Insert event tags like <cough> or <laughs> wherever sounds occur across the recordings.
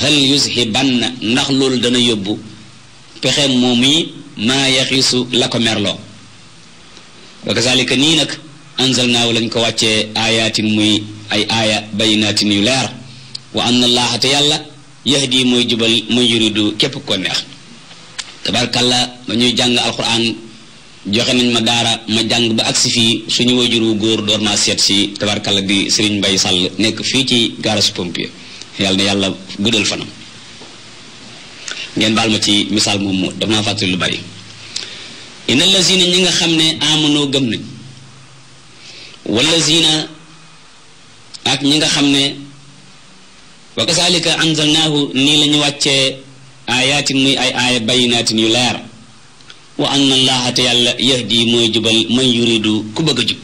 hal yuzhibanna ndax loolu dana yóbbu pexem moom yi maa yaxiisu la ko merloo wa kazalika nii nag anzalnaahu lañ ko wàcce aayaatin muy ay aaya bayinaatin yu leer wa anna allaha te yàlla yahdi mooy jubal mooy yuridu képp ko neex tabarkalla ba ñuy jàng alquran joxe nañ ma daara ma jàng ba agsi fii suñu wu góor door naa seet si tabarkalla di Serigne Mbaye Sall nekk fii ci gaarasu pompier yàlla na yàlla guddal fanam ngeen baal ma ci misaal moomu damaa fàttali lu bari inna lazina ñi nga xam ne amanoo gëm nañ wallazina ak ñi nga xam ne wa kasalika anzalnaahu nii la ñu wàccee ayaatin muy ay aaya bayinaatin yu leer wa anna allaha te yàlla yahdi mooy jubal man yuridu ku bëgg jub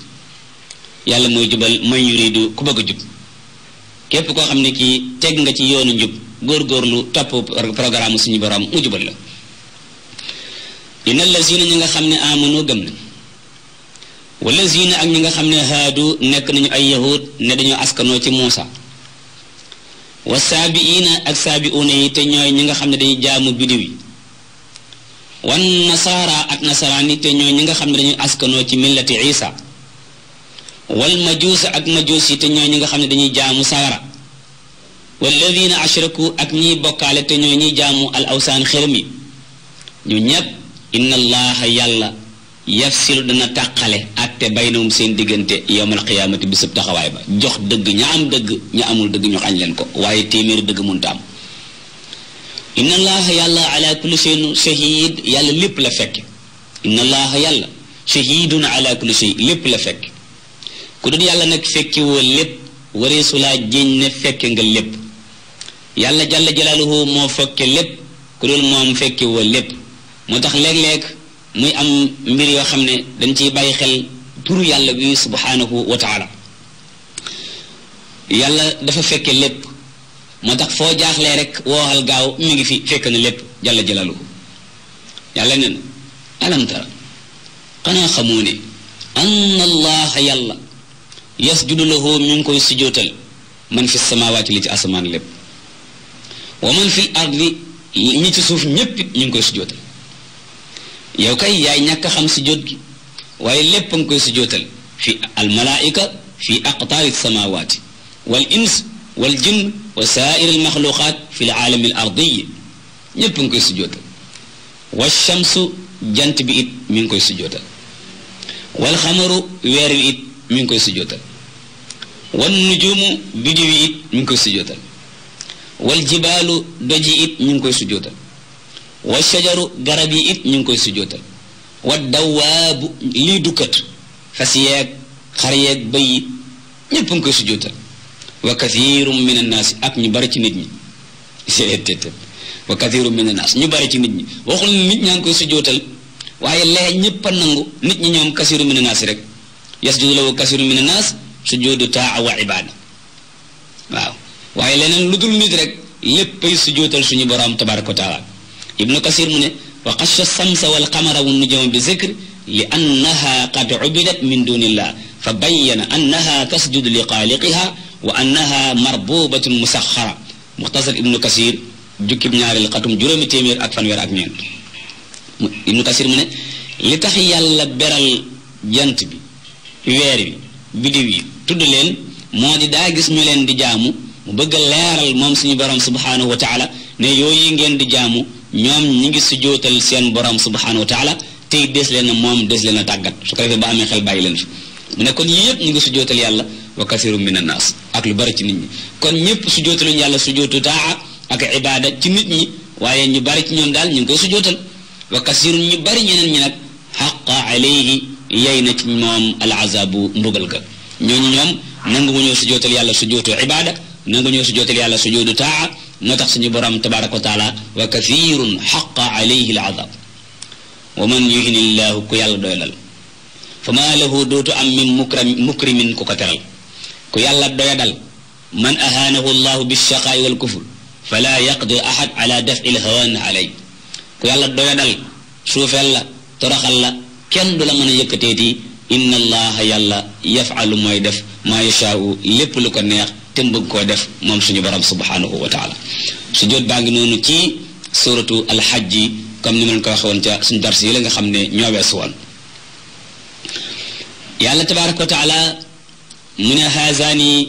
yàlla mooy jubal man yuridu ku bëgg jub képp koo xam ne kii teg nga ci yoonu njub góorgóorlu topp programme suñu borom mu jubal la inna lazina ñi nga xam ne amanu gëm na wala zina ak ñi nga xam ne haadu nekk nañu ay yahud ne dañoo askanoo ci Muusa wa saabiina ak saabiuuna yi te ñooy ñi nga xam ne dañuy jaamu bidiw yi wan nasaara ak nasaraan yi te ñooy ñi nga xam ne dañuy askanoo ci millati Isa wal majuusa ak majuus yi te ñooy ñi nga xam ne dañuy jaamu sawara walladina ashraku ak ñii bokkaale te ñooy ñiy jàmm al awsaan xërëm yi ñu ñépp inna allaha yàlla yafsilu dana tàqale atte baynahum seen diggante yowmal qiyaamati bisub taxawaay ba jox dëgg ña am dëgg ñu amul dëgg ñu xañ leen ko waaye téeméeri dëgg munta am inna allaha yàlla ala kulli shay'in shahid yàlla lépp la fekk inna allaha yàlla shahidun ala kulli shay lépp la fekk ku dul yàlla nag fekke woo lépp wareesu laa jéñ ne fekke nga lépp yàlla jàll jalaaluhu moo fekke lépp ku dul moom fekki lépp moo tax léeg-léeg muy am mbir yoo xam ne dañ ciy bàyyi xel yàlla bi subhanahu wa yàlla dafa fekke lépp moo tax foo jaaxlee rek wooxal gaaw mu ngi fi fekk na lépp jàll jalaaluhu yàlla ne na xanaa xamoo ne yàlla yasjudu lahu ngi koy sujootal man fi samaawaati li ci asamaan lépp wa man ci suuf ñépp ñu ngi koy sujootal yow kay yaay ñàkk xam sujoot gi waaye lépp ngi koy sujootal fi almalaika fi aqtaari samaawaati wal ins waa jinn wa saairi almaxluqaat fi alaalami al ardiyi ñépp a nga koy sujootal wa jant bi it mi ngi koy sujootal wal xamaru weer wi it mi ngi koy sujootal wan nujumu bidiw yi it ñu ngi koy sujootal wal jibaalu doji it ñu ngi koy sujootal wa shajaru garab yi it ñu ngi koy sujootal wa dawaabu lii dukkat fas yeeg xar yeeg bëy yi ñépp ngi koy sujootal wa kathirum min annaasi ak ñu bari ci nit ñi seetet <laughs> wa kathirum min annaas ñu bari ci nit ñi waxul nit ñaa ngi koy sujootal waaye lee ñépp a nangu nit ñi ñoom kathirum min rek yasjudu lahu kathirum min sujoodu taa wa ibaada waaw waaye leneen lu dul nit rek léppay sujootal suñu borom tabaraka wa taala ibnu kasir mu ne wa xasha samsa wal qamara wa nujuma bi zikr li annaha qad ubidat min dunillah fa bayyana annaha tasjudu li xaaliqiha wa annaha marbubatun musaxara muxtasar ibnu kasir jukkib ñaareel xatum juróomi téeméer ak fanweer ak ñeent ibnu kasir mu ne li tax yàlla beral jant bi weer bi biddiw yi tudd leen moo di daa gis ñu leen di jaamu mu bëgg a leeral moom suñu borom subhanahu wa taala ne yooyu ngeen di jaamu ñoom ñu ngi si jootal seen borom subhanahu wa taala tey des leen a moom des leen a tàggat su ko defee ba amee xel bàyyi leen fi mu ne kon yii yëpp ñu ngi su jootal yàlla wa kasirun min annaas ak lu bari ci nit kon ñëpp su jootaluñ yàlla su jootu taa ak ibaada ci nit ñi waaye ñu bari ci ñoom daal ñu ngi koy su jootal wa kasirun ñu bari ñeneen ñi nag xaqa alayhi yey na ci moom al azabu mbugal ga ñooñu ñoom nangu ñoo si jootal yàlla su jootu ibada nangu ñoo si jootal yàlla su jootu taa moo tax suñu borom tabaraka wa taala wa kathirun xaqa alayhi al azab wa man yuhini llahu ku yàlla doyalal fa maa lahu dootu am min mukram mukrimin ku ko teral ku yàlla doyadal man ahaanahu llahu bilchaqaa'i wal kufr fala yaqdir ahad ala daf'i lhawan alay ku yàlla doyadal suufeel la kenn du la mën a yëkkateeti inna allaha yàlla yafalu mooy def maa yashaau lépp lu ko neex te mbëgg koo def moom suñu borom subhanahu wa taala su jot baa ngi noonu ci suratu alxajji comme ni man ko waxe woon ca suñu darsi yi la nga xam ne ñoo weesu woon yàlla tabaraka wa taala mu ne haazaani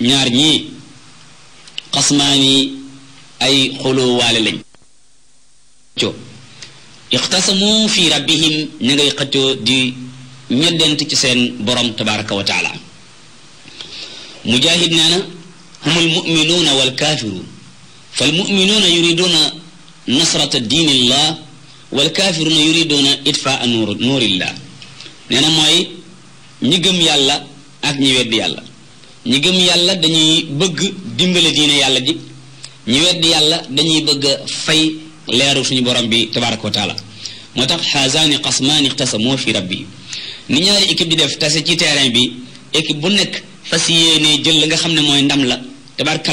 ñaar ñii xasmaani ay xuluwaale lañ co iqtasamu fi rabbihim ña ngay xëccoo di ñeddent ci seen borom tabaraka wa taala mujahid nee na humul muminuuna walkaafiruun falmuminuuna yuriduuna nasrata diinillah walkaafiruuna yuriduuna itfaa nuur nuurillah nee na mooy ñi gëm yàlla ak ñi weddi yàlla ñi gëm yàlla dañuy bëgg dimbali diine yàlla ji ñi weddi yàlla dañuy bëgg fay leeru suñu borom bi tabaraka wa taala moo tax xaasaani xasmaani ixtasamoo fi rabbi ni ñaari équipe di def tase ci terrain bi équipe bu nekk fas yéenee jël la nga xam ne mooy ndam la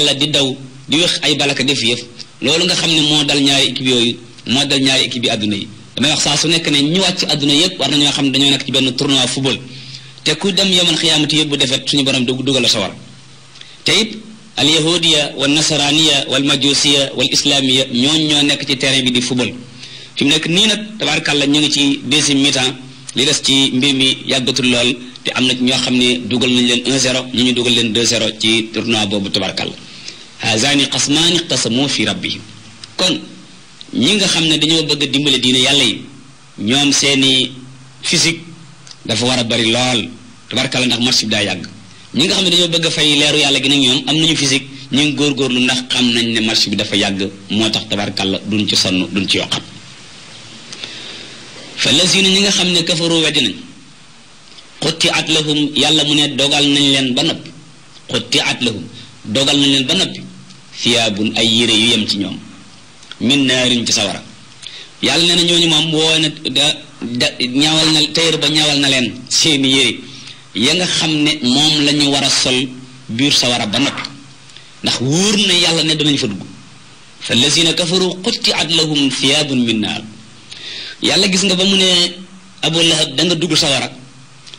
la di daw di wax ay balaka def yëf loolu nga xam ne moo dal ñaari équipe yooyu moo dal ñaari équipe yi àdduna yi damay wax saa su nekk ne ñu wàcc àdduna yëpp war nañoo xam ne dañoo nekk ci benn tournoi football te ku dem yemal xiyaamati yëpp bu defet suñu borom du dugal la sawar te it alyahudiya wal nasaraaniya wal majusiya wal islaamiya ñooñu ñoo nekk ci terrain bi di football fi mu nekk nii nag tabaarkàlla ñu ngi ci deuxième mi-temps li des ci mbir mi yàggatul lool te am na ñoo xam ne dugal nañ leen un 0 ñu ñu dugal leen 2-0 ci tournoi boobu tabaarkàlla hazaani qasmaani qtasamu fi rabbi kon ñi nga xam ne dañoo bëgg a dimbale diine yàlla yi seeni physique dafa war a bari lool tabaarkàlla ndax match bi daa yàgg ñi ngi xam ne dañoo bëgg fay leeru yàlla gi nag ñoom am nañu physique ñu ngi góorgóorlu ndax xam nañ ne marché bi dafa yàgg moo tax tabarkàlla duñ ci sonn duñ ci yokkat fa lazina ñi nga xam ne kafaru weddi nañ xutti at yàlla mu ne dogal nañu leen ba noppi xutti at lahum dogal nañ leen ba noppi fiyaabun ay yére yu yem ci ñoom min naarin ci sawara yàlla nee na ñooñu moom woo na da da ñaawal na tayër ba ñawal na leen seeni yére ya nga xam ne moom la ñu war a sol biir sawara ba noppi ndax wóor na yàlla ne danañ fa dugg fa lazina kafaru qutti'at lahum thiyaabun min naar yàlla gis nga ba mu ne abu lahab danga dugg sawara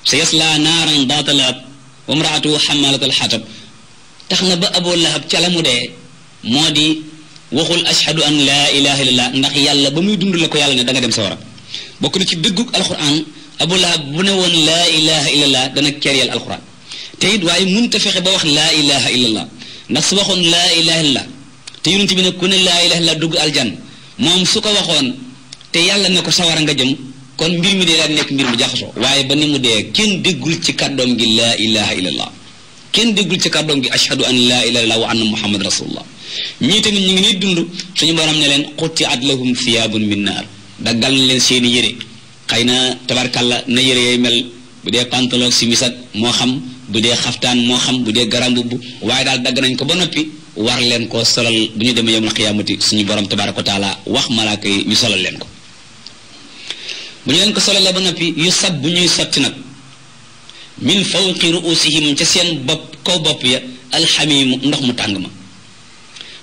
sa yaslaa naaran daata lahab wa mraatuhu xamaalat alxatab tax na ba abu lahab ca la mu dee moo di waxul ashhadu an laa ilaha illallah ndax yàlla ba muy dund la ko yàlla ne da dem sawara bokk na ci dëggug alquran abu lahab bu ne woon laa ilaha illallah dana keryal alquran te it waaye mënut a fexe ba wax laa ilaha illallah ndax su waxoon laa ilaha illallah te yonent bi ne ku ne laa ilaha illallah dugg aljan moom su ko waxoon te yàlla ne ko sawara nga jëm kon mbir mi dee daan nekk mbir mu jaxasoo waaye ba ni mu dee kenn déggul ci kàddoom gi laa ilaha illallah kenn déggul ci kàddoom gi ashhadu an laa ilaha illallah wa anna muhammad rasulullah ñii tamit ñu ngi nii dund suñu borom ne leen xutti at lahum thiyaabun min naar daggal na leen seeni yére xëy na tabarkalla na yére yay mel bu dee pantalon si misak moo xam bu dee xaftaan moo xam bu dee garambubb waaye daal dagg nañ ko ba noppi war leen ko solal bu ñu demee yowmal xiyaamati suñu borom tabaraka wa taala wax malaaka yi ñu solal leen ko bu ñu leen ko solalee ba noppi yu sab bu ñuy sotti nag min fawqi ruusihim ca seen bopp kaw bopp ya alxamimu ndox mu tàng ma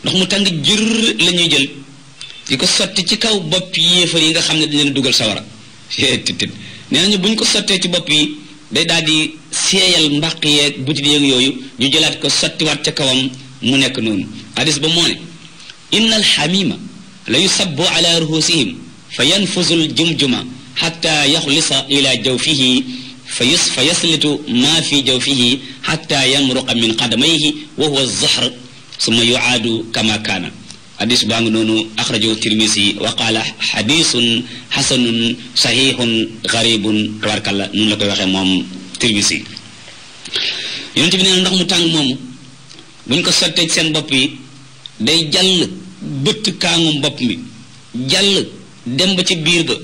ndox mu tàng jër lañuy jël di ko sotti ci kaw bopp yéefar yi nga xam ne dañ leen dugal sawara titit nee nañu bu ñu ko sottee ci bopp yi day daal di seeyal mbaq yeeg butit yooyu ñu jëlaat ko sottiwaat ca kawam mu nekk noonu hadis ba moo ne inna alxamima la yusabbu ala ruhusihim fa yanfusul jumjuma xata yaxlisa ila jawfihi fa yus fa yaslitu maa fi jawfihi xata yamruqa min qadamayhi wa huwa zahr summa yuaadu kama kaana hadis baa ngi noonu axrajahu tirmisi wa qaala xadisun xasanun saxiixun garibun tabarkalla noonu la koy waxee moom tirmisi yonent bi nee na ndox mu tàng moomu buñ ko sottee seen bopp yi day jàll bëtt kaangum bopp mi jàll dem ba ci biir ba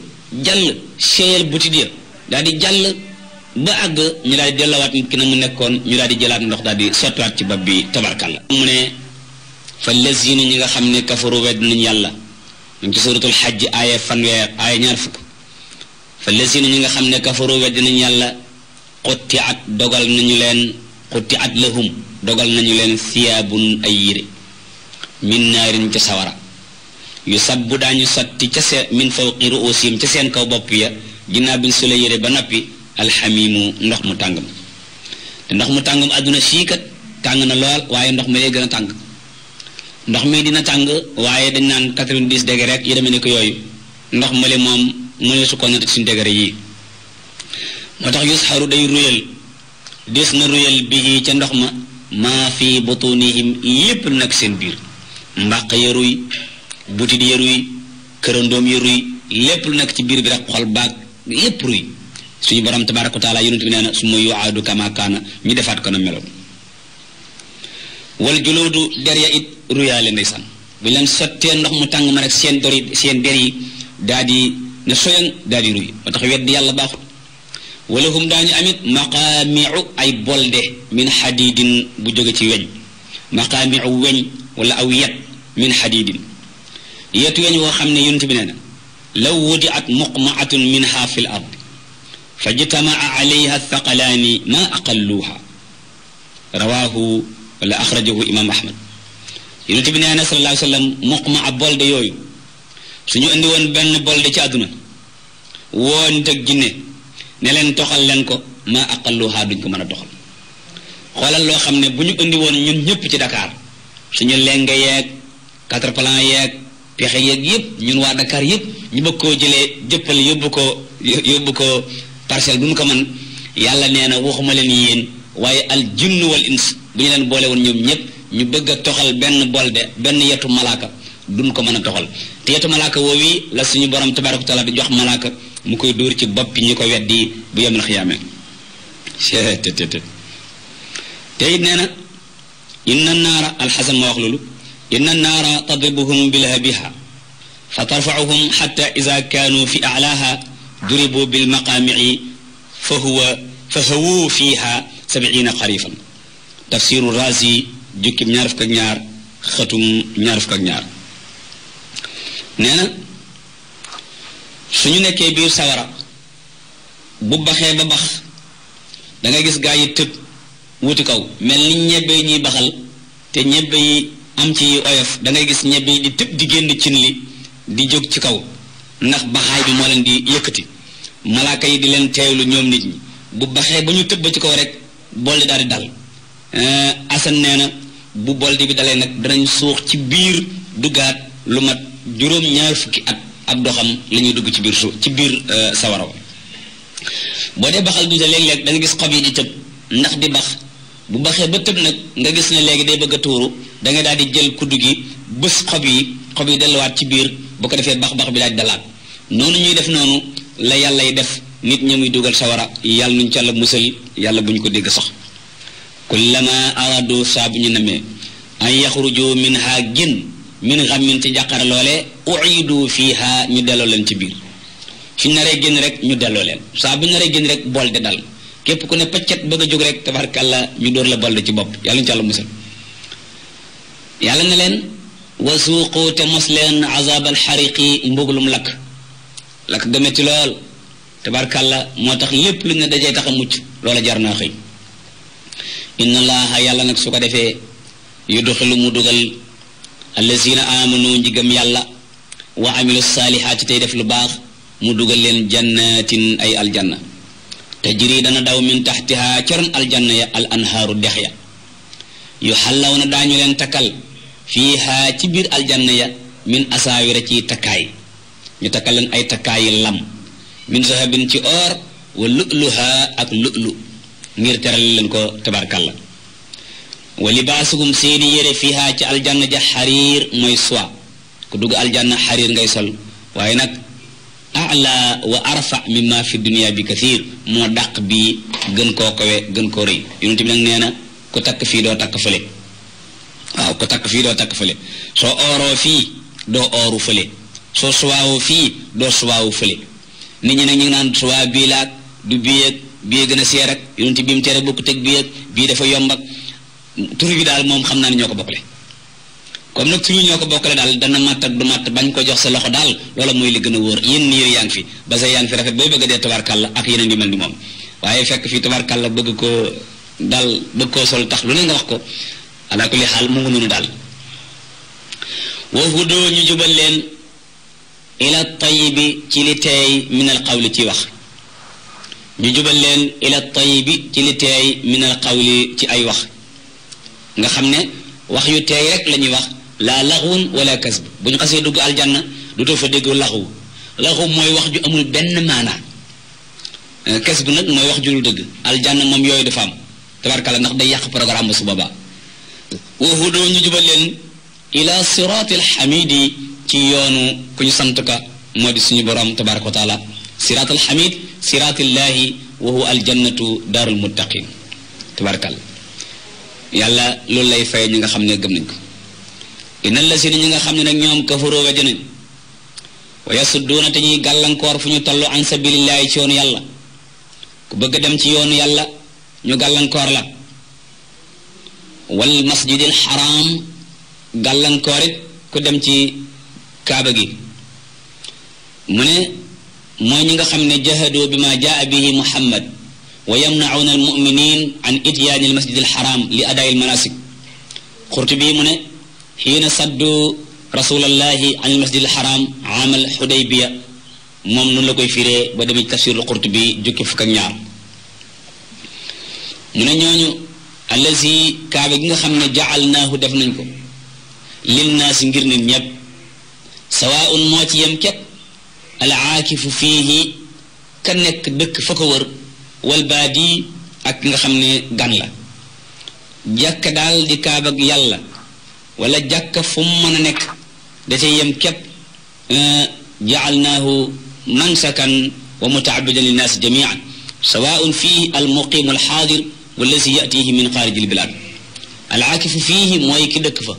jàll seeyal butit ya daal di jàll ba àgg ñu daal di ki na mu nekkoon ñu daal jëlaat ndox daal di sottiwaat ci bopp bi tabarkalla mu fa lazina ñi nga xam ne kafaru wedd nañ yàlla ñu ci suratul xajj aaya fanweer aaya ñaar fukk fa lazina ñi nga xam ne kafaru wedd nañ yàlla xutti at dogal nañu leen xutti at lahum dogal nañu leen siyaabun ay yére min naarin ca sawara yu bu daañu sotti ca seen min fawqi ruusihim ca seen kaw bopp ya ginnaaw bi ñu yére ba noppi alxamiimu ndox mu tàng ma te ndox mu tàng ma àdduna sii tàng na lool waaye ndox ma yee gën a tàng ndox mi dina tàng waaye dañ naan quatre-vingt-dix degré rek yu demee ne ko yooyu ndox male moom mënee su ko natt suñu degré yii moo tax yus xaru day ruyal des na ruyal bi ca ndox ma maa fi butunihim yépp lu nakk seen biir mbàq ya ruy butit ya ruy kërandoom ya ruy lépp lu nekk ci biir bi rek xol baag lépp ruy suñu borom tabaaraka wa taala yonent bi nee na su ma yuaadu kama kaana ñu defaat ko na meloon wal juloodu der ya it ruyaale ndeysaan bu leen sottee ndox mu tàng ma rek seen dori seen der yi di ne soyan daa di ruy moo tax wedd yàlla baaxut wala hum daañu amit maqaamiu ay bolde min xadidin bu joge ci weñ maqaamiu weñ wala aw yet min xadidin yet weñ woo xam ne yonent bi nee na law wudi at muqmaatun minha fi l ard fa jtamaa alayha thaqalaani ma aqalluuha wala axrajahu imam ahmad yonent bi nee na sallallahu alayhi wa sallam muq ma ab bolde yooyu suñu indi woon benn bolde ci àdduna woon te ginne ne leen toxal leen ko maa aqalluhaa duñ ko mën a toxal xoolal loo xam ne bu ñu indi woon ñun ñëpp ci Dakar suñu lenge yeeg quatre plan yeeg pexe yeeg yëpp ñun waa Dakar yëpp ñu bëgg koo jëlee jëppal yóbbu ko yóbbu ko parcelle bu mu ko mën yàlla nee na waxuma leen yéen waaye al jinnu wal bu ñu leen boole woon ñoom ñëpp ñu bëgg a toxal benn bolde benn yetu malaaka duñ ko mën a toxal te yetu malaaka woowi la suñu borom tabaaraka taala di jox malaaka mu koy dóor ci boppi ñu ko weddi bu yemal xiyaame <laughs> te it nee na inna naara alxasan ma wax loolu inna naara tadribuhum bilhabiha fa tarfauhum xata ida kaanu fi alaaha duribu bilmaqaamici fa huwa fa hawuu fiiha sabiina xarifan tafsiru razi jukkim ñaar fukk ak ñaar xatum ñaar fukk ak ñaar nee na suñu nekkee biir sawara bu baxee ba bax dangay gis gaa yi tëb wuti kaw mel ni ñebbe yi ñuy baxal te ñebbe yi am ci oyof dangay gis ñebbe yi di tëb di génn cin li di jóg ci kaw ndax baxaay bi moo leen di yëkkati malaaka yi di leen teewlu ñoom nit ñi bu baxee ba ñu tëb ba ci kaw rek bolli daal di dal eh, asan nee na bu boldi bi dalee nag danañ suux ci biir duggaat lu mat juróom ñaar fukki at ak doxam la ñuy dugg ci biir suuf ci biir eh, sawaraw boo dee baxal duuse léeg-léeg da nga gis xob yi di tëb ndax di bax bu baxee ba tëb nag nga gis ne léegi day bëgg a tuuru da nga daal di jël kuddu gi bës xob yi xob yi delluwaat ci biir boo ko defee bax bax bi daal di dalaat noonu ñuy def noonu la yàlla yi def nit ñi muy dugal sawara yàlla nuñ ca la musal yàlla bu ko dégg sax kullama aradu saa bu ñu namee an yaxruju minha génn min xammin ci jàqara loole uidu fiha ñu delloo leen ci biir suñ naree génn rek ñu delloo leen saa bu ñu naree rek bool de dal képp ku ne pëccet bëgg a jóg rek tabarkàlla ñu dóor la bool ci bopp yàlla nuñ ca la musal na leen wasuuqu te mos leen azab alxariqi mbugulum lakk lakk ga lool tabarkàlla moo tax lépp lu ñu dajee taxa a mucc loola jar naa xëy inna laaha yàlla nag su ko defee yudxilu mu dugal allazina amanu ñi njigam yàlla wa amilu saalihaati tey def lu baax mu dugal leen jannatin ay aljanna tajri dana daw min taxtiha caroon aljanna ya al anhaaru dex ya yu xallaw na daañu leen takkal fiiha ci biir aljanna ya min asaawira ciy takkaay ñu takkal leen ay takkaayi lam min zahabin ci or wa lu'luha ak lu'lu ngir teral leen ko tabarkalla wa libaasuhum seeni yére fiha ci aljanna ja xariir mooy soie ku dugg aljanna xariir ngay sol waaye nag ala wa arfa mimma fi dunia bi moo dàq bi gën koo kawe gën koo rëy yonent bi nag nee na ku takk fii doo takk fële waaw ku takk fii doo takk fële soo ooroo fii doo ooru fële soo suwaawoo fii doo suwaawu fële nit ñi nag ñu ngi naan suwaa bii laag du bii ak bii gën a seer ak yonent bi mu tere bokk teg bii ak bii dafa yomb ak tur bi daal moom xam naa ne ñoo ko bokkale comme nag suñu ñoo ko bokkale daal dana matt ak du matt bañ ko jox sa loxo daal loola mooy li gën a wóor yéen niir yaa ngi fi ba sa yaa ngi fi rafet booy bëgg a dee tabarkàlla ak yeneen ni moom waaye fekk fii tabarkàlla bëgg ko daal bëgg koo sol tax lu ne nga wax ko alaa kulli xaal mu ngi noonu daal woo doo ñu jubal leen ila tayibi ci li teey min al qawli ci wax ñu jubal leen ila tayibi ci li teey min al qawli ci ay wax nga xam ne wax yu teey rek la ñuy wax laa laxuun wala kasb bu ñu xasee dugg aljanna lu too fa dégg laxu laxu mooy wax ju amul benn maanaa euh, kasb nag mooy wax ju dul dëgg aljanna moom yooyu dafa am tabarkalla ndax day yàq programme ba su boobaa ñu jubal leen ila siraatil xamiidi ci yoonu ku ñu sant ka moo di suñu borom tabaraka wa taala siraatal xamid siraatillaahi wa huwa aljannatu daarul muttaqin tabarakal yàlla loolu lay fay ñi nga xam ne gëm nañ ko innal lasina ñi nga xam ne nag ñoom kafaroo weddi nañ wa yasudduuna te ñuy gàllankoor fu ñu toll an sabilillaahi ci yoonu yàlla ku bëgg a dem ci yoonu yàlla ñu gàllankoor la wal masjidil xaraam gàllankoorit ku dem ci kaaba gi mu ne mooy ñi nga xam ne jahadoo bi ma jaa bihi muhammad wa yamnacuuna almuminin an ityaani almasjid alxaram li adaayi almanasik xurtubi mu ne xiina saddu rasulallahi an almasjid alxaram amal xudaybiya moom nunu la koy fiire ba demee tafsirul xurtubi jukki fukk ñaar mu ne ñooñu allazi kaaba gi nga xam ne jacalnaahu def nañ ko lil naasi ngir nit ñépp sawaaun moo ci yem képp al aakifu fiihi ka nekk dëkk fa ko wër wal baadi ak nga xam ne gan la jàkka daal di kaab ak yàlla wala jàkka fu mu mën a nekk da cay yem képp euh, jacalnaahu mansakan wa mutaabidan linnaas jamian sawaaun fiihi al muqimu al xaadir wallazi yatihi min xaariji l bilaad al aakifu fiihi mooy ki dëkk fa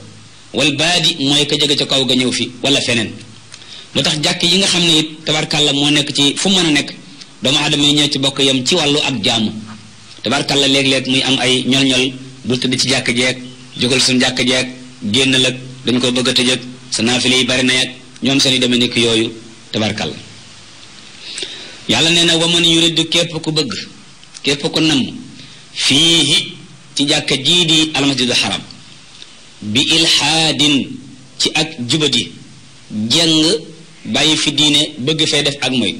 wal baadi mooy ko jege ca kaw ga ñëw fii wala feneen lu tax jàkk yi nga xam ne it tabarkàlla moo nekk ci fu mën a nekk doomu aadama yi ñoo ci bokk yam ci wàllu ak jaamu tabarkàlla léeg-léeg muy am ay ñol-ñol bul ci jàkk jeeg jógal suñu jàkk jeeg génn lëg dañ ko bëgg a tëjëg sa naafile yi bari na yàgg ñoom seen i nekk yooyu tabarkàlla yàlla nee na waman yuridu képp ku bëgg képp ku namm fiihi ci jàkk jii di almasjidul xaram bi ilxaadin ci ak jubadi jeng bàyyi fi diine bëgg fee def ak moy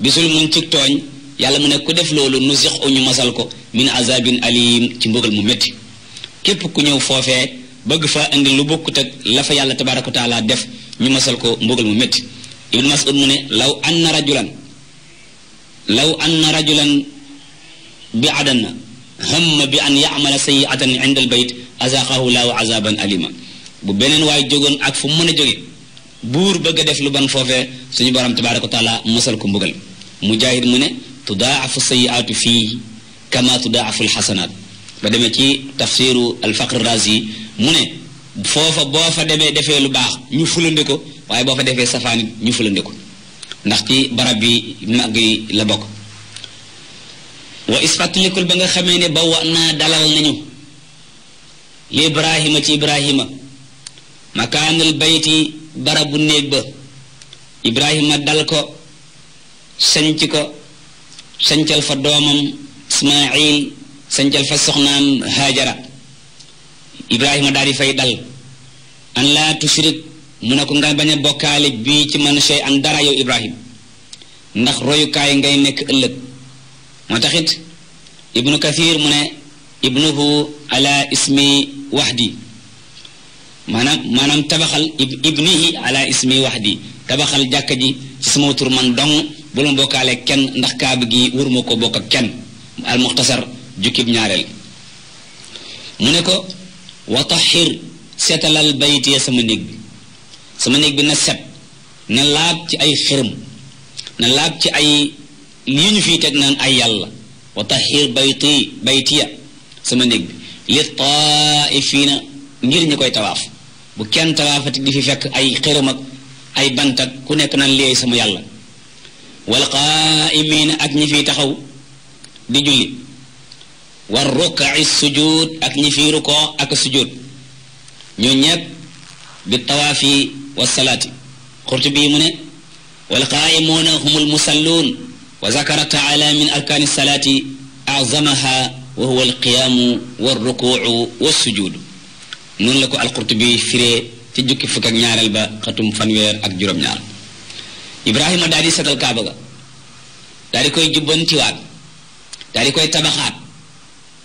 bisul mun ci tooñ yàlla mu ne ku def loolu nu six ñu masal ko min azabin alim ci mbugal mu métti képp ku ñëw foofee bëgg fa indi lu bokkut ak la yàlla tabaraka wa taala def ñu masal ko mbugal mu métti ibnu mas'ud mu ne law na rajulan law anna rajulan bi adan hamma bi an ya'mala sayi'atan inda al bayt azaqahu laahu azaban alima bu beneen waay jógoon ak fu mu mën a jóge buur bëgg a def lu ban foofee suñu borom tabaraka wa taala musal ko mbugal mujahid mu ne tudaafu sayiaatu fii kama tudaafu alxasanaat ba demee ci tafsiru alfaqr razi mu ne foofa boo fa demee defee lu baax ñu fulande ko waaye boo fa defee safaanit ñu fulande ko ndax ci barab bi mag yi la bokk wa ispatlikul ba nga xamee ne ba wa naa dalal nañu li ibrahima ci ibrahima makaanal bayti barabu néeg ba ibrahima dal ko sanc ko sancal fa doomam ismail sancal fa soxnaam hajara ibrahima daal fay dal an laa tushrik mu ne ko nga bañ a bokkaale bii ci man shay an dara yow ibrahim ndax royukaay ngay nekk ëllëg moo taxit ibnu kathir mu ne ibnuhu ala ismi waxdi maanaam maanaam tabaxal ibnihi ala ismi waxdi tabaxal jàkka ji ci sama tur man dong bu la bokkaale kenn ndax kaaba gi waruma ko bokk ak kenn al muxtasar jukkib ñaareel mu ne ko wa taxir seetalal bayti sama néeg bi sama néeg bi na set na laab ci ay xërëm na laab ci ay lii ñu fiy teg ay yàlla wa taxir baytiya sama néeg bi li taa'ifiina ngir koy tawaaf bu kenn tawaafati di fi fekk ay xërëm ak ay bant ku nekk nan léey sama yàlla wal qaa'imiina ak ñi fi taxaw di julli war rukkaci sujuud ak ñi ñu ñepp bi tawaafi wa salaati Qurtubi mu ne wal qaa'imuuna humul musalluun wa zakara taala min arkaani salaati azamaha wa huwa alqiyaamu wa rukuucu wa sujuudu noonu la ko alqurtubi firee ci jukki fukk ak ñaareel ba xatum fanweer ak juróom-ñaar ibrahima daal di setal kaaba ga daal di koy jubbantiwaat daal di koy tabaxaat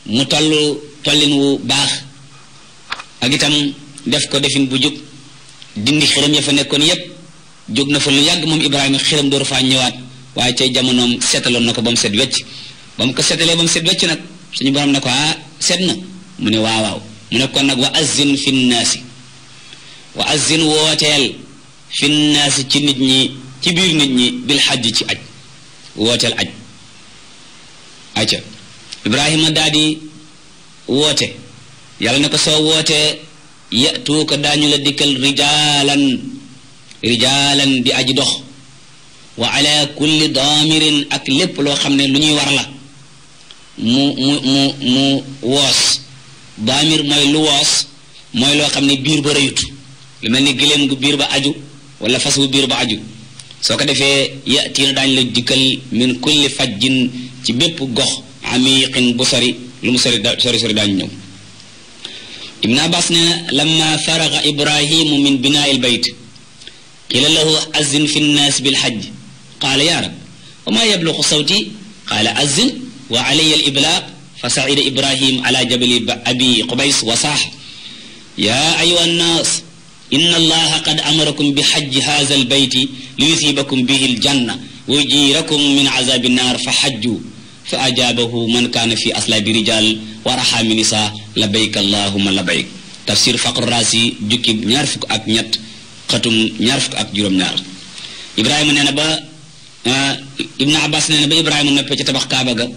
mu toll tollin wu baax ak itam def ko defin bu jub dindi xiram ya fa nekkoon yépp jóg na fa lu yàgg moom ibrahima xiram dooru faa ñëwaat waaye cay jamonoom seetaloon na ko ba mu set wecc ba mu ko seetalee ba mu set wecc nag suñu borom na ko ah set na mu ne waawaaw mu ne kon nag wa azzin fi nnaasi wa azzin wooteel fi nnaasi ci nit ñi ci biir nit ñi bil xajj ci aj wooteel aj aca ibrahima daa di woote yàlla ne ko soo wootee yatuuka daañu la dikkal rijaalan rijaalan di aji dox wa ala kulli daamirin ak lépp loo xam ne lu ñuy war la mu mu mu mu woos baamir mooy lu woos mooy loo xam ne biir ba rëyut lu mel ni gëléem gu biir ba aju wala fas wu biir ba aju soo ko defee yatiina daañu la dikkal min kulli fajjin ci bépp gox amiqin bu sori lu mu sori sori sori daañu ñëw ibn abbas nee na lamma faraga ibrahimu min binaa'il bayt qila lahu azin fi nnaas bilxajj qaala yaa rab wa maa yabluqu sawti qaala azin wa alayya al iblaq fa saida ibrahim ala jabali abi qubays wa saax ya ayuha annaas inna allaha qad amarakum bi xajji haza al bayti li yusibakum bihi al janna wa yujirakum min azabi naar fa xajju fa ajaabahu man kaana fi aslaabi rijal wa raxaami nisaa labayk allahuma labayk tafsir faqru raasi jukki ñaar fukk ak ñett xatum ñaar fukk ak juróom-ñaar ibrahima nee na ba ah, ibnu abbas nee na ba ibrahima noppee ci tabax kaaba ga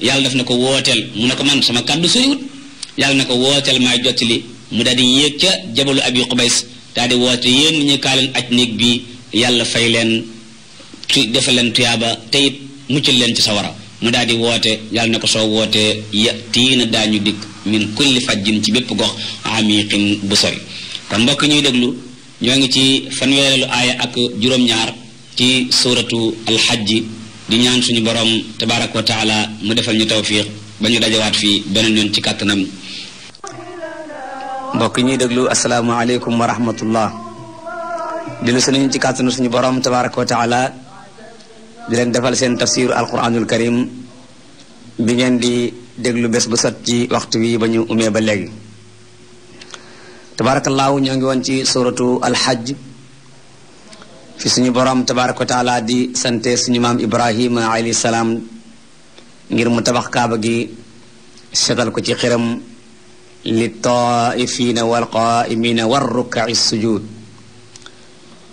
yàlla daf na ko wooteel mu ne ko man sama kàddu soriwut yàlla na ko wooteel maay jottali mu daal di yéeg ca jabalu abi xubays daal di woote yéen ñi kaa leen aj néeg bi yàlla fay leen tu defal leen tuyaaba te it muccal leen ci sawara mu daal di woote yàlla na ko soo wootee ya tiina daañu dikk min kulli fajjin ci bépp gox amiqin bu sori kon mbokk ñuy déglu ñoo ngi ci fanweereelu aaya ak juróom-ñaar ci suuratu alxajji di ñaan suñu borom tabaaraka wa taala mu defal ñu tawfiq ba ñu dajawaat fii beneen yoon ci kàttanam. mbokki ñuy déglu asalaamaaleykum wa rahmatullah dellu si nañu ci kàttanu suñu borom tabaaraka wa taala di leen defal seen tafsiru alquranul karim bi ngeen di déglu bés bu sat ci waxtu wi ba ñu umee ba léegi. tabaarakallaahu ñoo ngi woon ci suratu alxaj. fi suñu borom tabaraka wa taala di sante suñu maam ibrahima alayhi salaam ngir mu tabax kaaba gi setal ko ci xiram li taifina wal qaimina war rukai sujud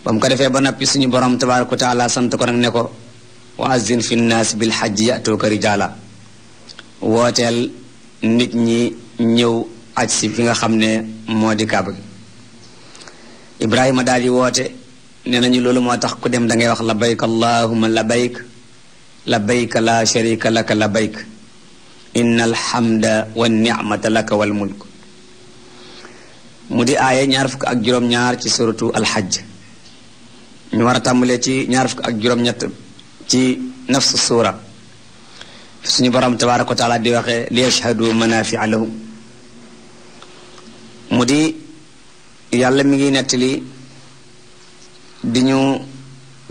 ba mu ko defee ba noppi suñu borom tabaraka wa taala sant ko nag ne ko wa azin fi nnaas bil xajji yatuuka rijaala wooteel nit ñi ñëw aj si fi nga xam ne moo di kaaba gi ibrahima daal di woote nee nañu loolu moo tax ku dem da ngay wax labayk allahuma labayk labayk la sharika laka labayk inna alhamda wa nicmata laka wal mulk mu di aaye ñaar fukk ak juróom-ñaar ci suratu alxajj ñu war a tàmbalee ci ñaar fukk ak juróom-ñett ci nafsu suura suñu borom tabaraka wa taala di waxee li yashhadu mi ngi nettali di ñu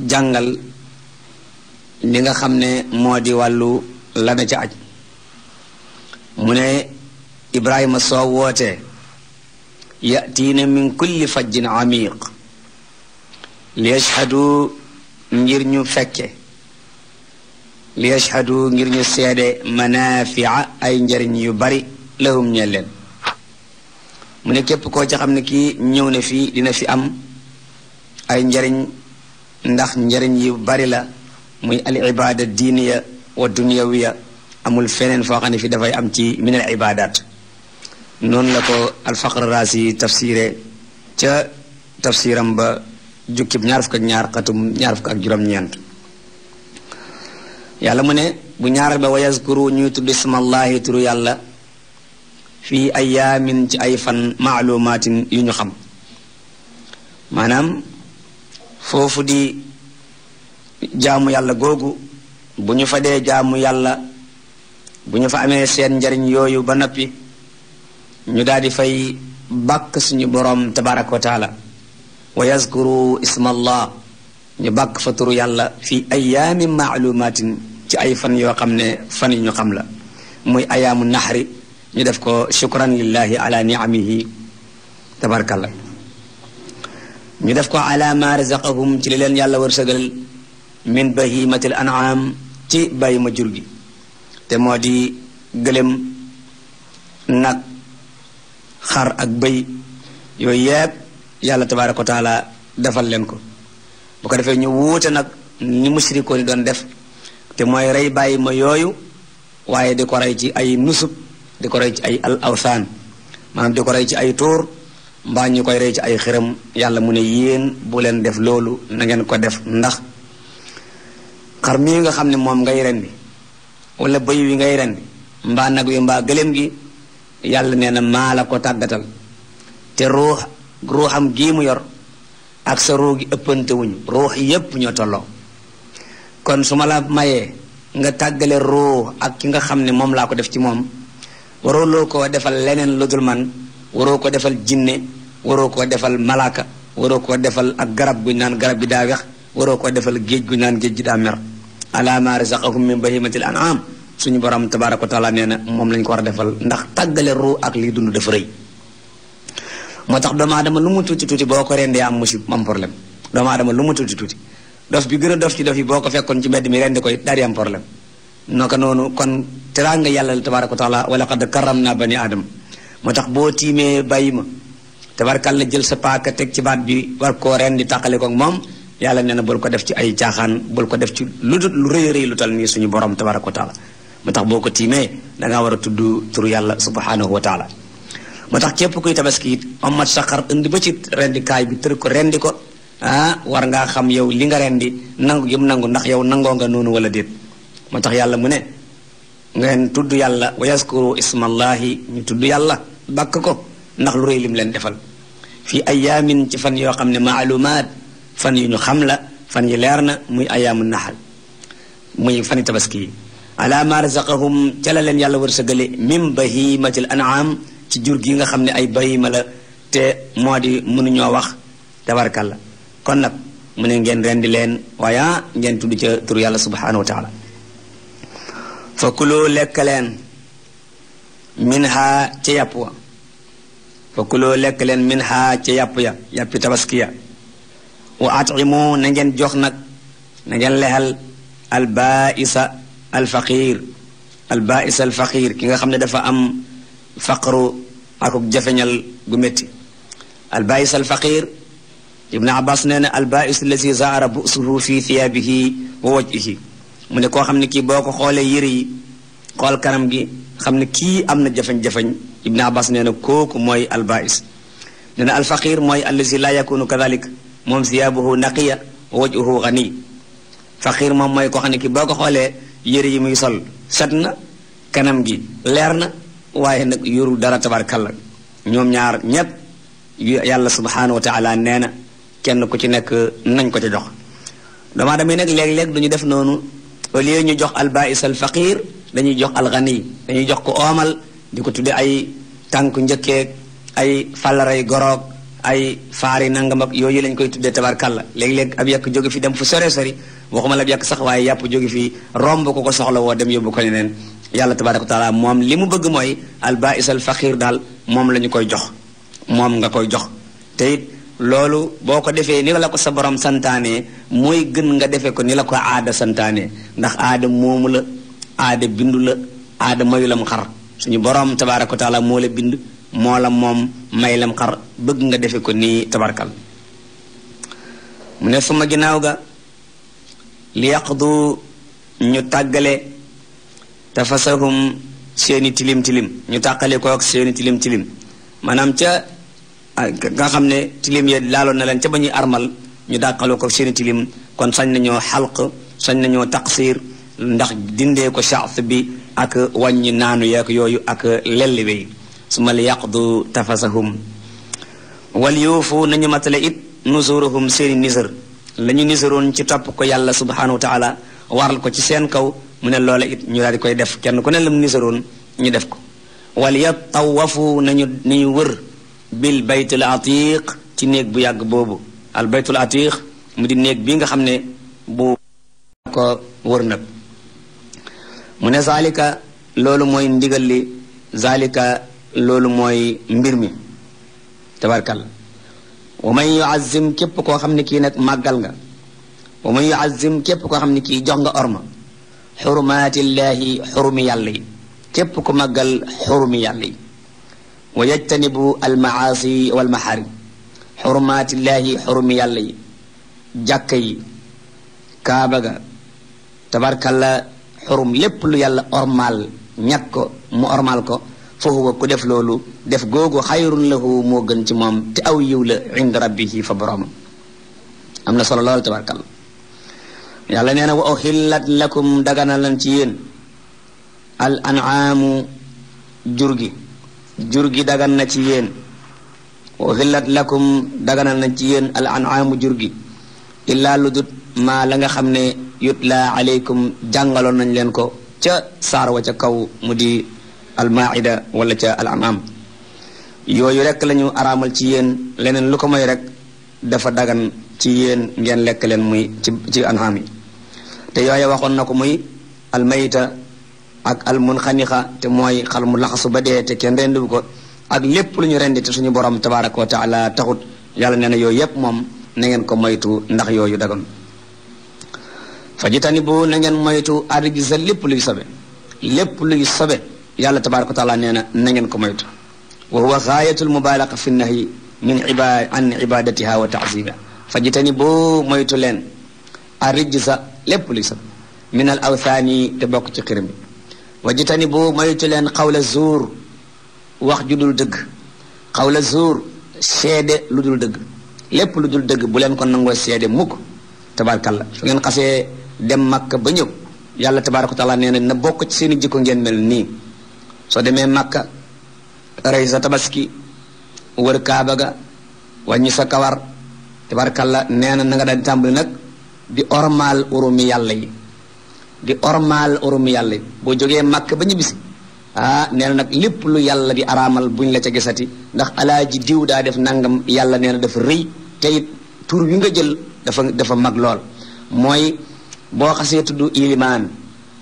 jàngal li nga xam ne moo di wàllu la na ca aj mu ne Ibrahima soo wootee yatiina min kulli fajjin amiq li yashhadu ngir ñu fekke li yashhadu ngir ñu seede manafia ay njariñ yu bari lahum ñe leen mu ne képp koo ca ne kii ñëw na fii dina fi am ay njariñ ndax njariñ yu bari la muy al ibaada diiniya wa dunyawiya amul feneen foo xam fi dafay am ci min al ibaadaat noonu la ko alfaqr raasi tafsire ca tafsiram ba jukkib ñaar fukk ak ñaar xatum ñaar fukk ak juróom-ñeent yàlla mu ne bu ñaaral ba wa yaskuru ñuy tudd ismallahi turu yàlla fii ayaamin ci ay fan maalumatin yu ñu xam maanaam foofu di jaamu yàlla googu bu ñu fa dee jaamu yàlla bu ñu fa amee seen njariñ yooyu ba noppi ñu daal fay bàkk suñu boroom tabaraka wa taala wa yazkuru ismallah ñu bàkk fa turu yàlla fi ayaami maalumatin ci ay fan yoo xam ne fan yi ñu xam la muy ayaamu naxari ñu def ko shukran lillahi ala niamihi tabarakallah ñu def ko ala ma razaqahum ci li leen yàlla war wërsëgal min bahimatil an'am ci bàyyi ma jur gi te moo di gëlëm nag xar ak bëy yooyu yëpp yàlla tabaaraka wa taala defal leen ko boo ko defee ñu wuute nag ni musrikoo doon def te mooy rey bàyyi ma yooyu waaye di ko rey ci ay nusub di ko rey ci ay al awsaan maanaam di ko rey ci ay tuur mbaa ñu koy rey ci ay xërëm yàlla mu ne yéen bu leen def loolu nangeen ngeen ko def ndax xar mii nga xam ne moom ngay rendi wala bëy wi ngay rendi mbaa nag wi mbaa gëléem gi yàlla nee na maa la ko tàggatal te ruux ruuxam gii mu yor ak sa ruux gi ëppante wuñu ruux yépp ñoo tolloo kon su ma la mayee nga tàggale ruux ak ki nga xam ne moom laa ko def ci moom waruloo ko defal leneen lu man waroo ko defal jinne waroo ko defal malaaka waroo ko defal ak garab gu naan garab gi daa wex waroo ko defal géej gu naan géej gi daa mer ala ma razaqakum min bahimatil an'am suñu borom tabaaraka wa taala nee na moom lañ ko war a defal ndax tàggale ruu ak lii dund dafa rëy moo tax doomu aadama lu mu tuuti tuuti boo ko rendee am musib am problème doomu aadama lu mu tuuti tuuti dof bi gën a dof ci dof yi boo ko fekkoon ci mbedd mi rendi koy daal di am problème naka noonu kon teraanga yàlla la tabaaraka ko taala wa laqad karram naa bani aadama moo tax boo tiimee bàyyi ma la jël sa paaka teg ci baat bi war koo ren di tàqale ko moom yàlla nee na bul ko def ci ay caaxaan bul ko def ci lu dul lu rëy lu tal nii suñu borom tabaraka wa taala moo tax boo ko tiimee da war a tudd turu yàlla subhanahu wa taala moo tax képp kuy tabaski it amat saxar indi ba ci rendikaay bi tër ko rendi ko ah war ngaa xam yow li nga rendi nangu yëpp nangu ndax yow nangoo nga noonu wala déet moo tax yàlla mu ne ngeen tudd yàlla wa yaskuru ismallahi ñu tudd yàlla bàkk ko ndax lu réy lim leen defal fii ayaamin ci fan yoo xam ne maalumaat fan yu ñu xam la fan yi leer na muy ayaamu naxal muy fani tabaski yi ala ma razaqahum ca la leen yàlla wërsëgale min bahimatil an'am ci jur gi nga xam ne ay bahima la te moo di mënuñoo wax tabarkalla kon nag mu ne ngeen rendi leen waaye ah, ngeen tudd ca tur yàlla subhanahu wa taala fa kuloo lekk leen min ha ca yàpp wa fa kuloo lekk leen min haa ca yàpp ya yàppi tabaskiya wa atimu na ngeen jox nag na ngeen lexal albaisa alfaqir albaisa alfaqir ki nga xam ne dafa am faqru akub jafeñal gu métti albaisa alfaqir ibnu abbas nee na albais allazi zaara busuhu fi mu ne koo xam ne kii boo ko xoolee yëre yi xool kanam gi xam ne kii am na jafeñ-jafeñ ibni abbas nee na kooku mooy albais nee na alfaqir mooy allazi la yakunu kadalik moom siyaabuhu naqiya wajuhu xani faqir moom mooy ko xam ki boo ko xoolee yëre yi muy sol set na kanam gi leer na waaye nag yoru dara tabarkalla ñoom ñaar ñépp yàlla subhanahu wa nee na kenn ku ci nekk nañ ko ci jox dama aadama yi nag léeg def noonu au ñu jox albaïs alfaqir dañuy jox alxani dañuy jox ko oomal di ko tuddee ay tànk njëkkeek ay fàllaray goroog ay faari nangam ak yooyu lañ koy tuddee tabarkàlla léegi-léeg ab yàq jóge fi dem fu sore sori waxuma la ab yàq sax waaye yàpp jóge fi romb ko ko soxla woo dem yóbbu ko leneen yàlla tabaraka wa taala moom li mu bëgg mooy albais al faqir daal moom la ñu koy jox moom nga koy jox te it loolu boo ko defee ni la ko sa borom santaane mooy gën nga defee ko ni la ko aada santaane ndax aada moomu la aada bindu la aada mayu lam xar suñu borom tabaaraka wa taala moo la bind moo la moom may lam xar bëgg nga defee ko nii tabarkal mu ne suma ginnaaw ga li yaqdu ñu tàggale tafasahum seeni tilim tilim ñu tàqale ko ak seeni tilim tilim maanaam ca ah, nga xam ne tilim ya laaloon na leen ca ba ñuy armal ñu dàqaloo ko seeni tilim kon sañ nañoo xalq sañ nañoo taqsir ndax dindee ko chaas bi ak wàññi naanu yeeg yooyu ak lelli bi su ma li yaqdu tafasahum wal yuufu nañu matale it nusuruhum seeni nisër lañu ñu ci topp ko yàlla subhanahu wa taala waral ko ci seen kaw mu ne loola it ñu daal di koy def kenn ku ne lam nisaroon ñu def ko wal yatawafu nañu nañu wër bil baytul atiq ci néeg bu yàgg boobu al baytul mu di néeg bi nga xam ne bu ko wër nag mu ne zaalika loolu mooy ndigal li zaalika loolu mooy mbir mi tabarkal wa man yuazim képp koo xam ne kii nag màggal nga wa man yuazim képp koo xam ne ki jox nga orma xurmaatillaahi xurumi yàlla yi képp ku maggal xurumi yàlla yi wa yajtanibu almaasi walmaxaarim xurmaatillaahi xurumi yàlla yi jàkka yi kaaba ga tabarkalla xurum lépp lu yàlla ormaal ñàkk ko mu ormaal ko fa huwa ku def loolu def googu xayrun lahu moo gën ci moom te aw yiw la inda rabbihi fa am na solo lool tabarkalla yàlla nee na wa uhillat lakum dagana lan ci yéen al anaamu jur gi jur gi dagan na ci yéen wa uhillat lakum daganal na ci yéen al anaamu jur gi illaa lu dut maa la nga xam ne yutla aleykum jàngaloon nañ leen ko ca saar wa ca kaw mu di almaida wala ca al yooyu rek lañu ñu araamal ci yéen leneen lu ko moy rek dafa dagan ci yéen ngeen lekk leen muy ci ci anam yi te yooye waxoon na ko muy almayta ak almunxanixa te mooy xal laxasu ba dee te kenn rendiwu ko ak lépp lu ñu rendi te suñu borom tabaraka wa taala taxut yàlla nee na yooyu yépp moom na ngeen ko moytu ndax yooyu dagan fajitani bu na ngeen moytu arrijsa lépp luy sobe lépp luy sobe yàlla tabaaraka wa taala nee na na ngeen ko moytu wa huwa gaayatul mubaalaga fi nahyi min iba an ibadatiha wa taasiba fajitani bu moytu leen arrijsa lépp luy sobe min al awthaani te bokk ci xirim bi wajitani bu moytu leen xawla zuur wax ju dul dëgg xawla zuur seede lu dul dëgg lépp lu dul dëgg bu leen ko nangoo seede mukk tabaarkalla su ngeen xasee dem Makka ba ñëw yàlla tabaaraka wa taala nee na na bokk ci seen i jikko ngeen mel nii soo demee Makka rey sa tabaski wër Kaaba ga wàññi sa kawar tabaarkalla nee na na nga daan tàmbali nag di ormaal urumi yàlla yi di ormaal urumi boo jógee Makka ba ñibbisi ah nee nag lépp lu yàlla di araamal buñ la ca gisati ndax alaaji diw daa def nangam yàlla nee na dafa rëy te tur wi nga jël dafa dafa mag lool boo xasee tudd ilimaan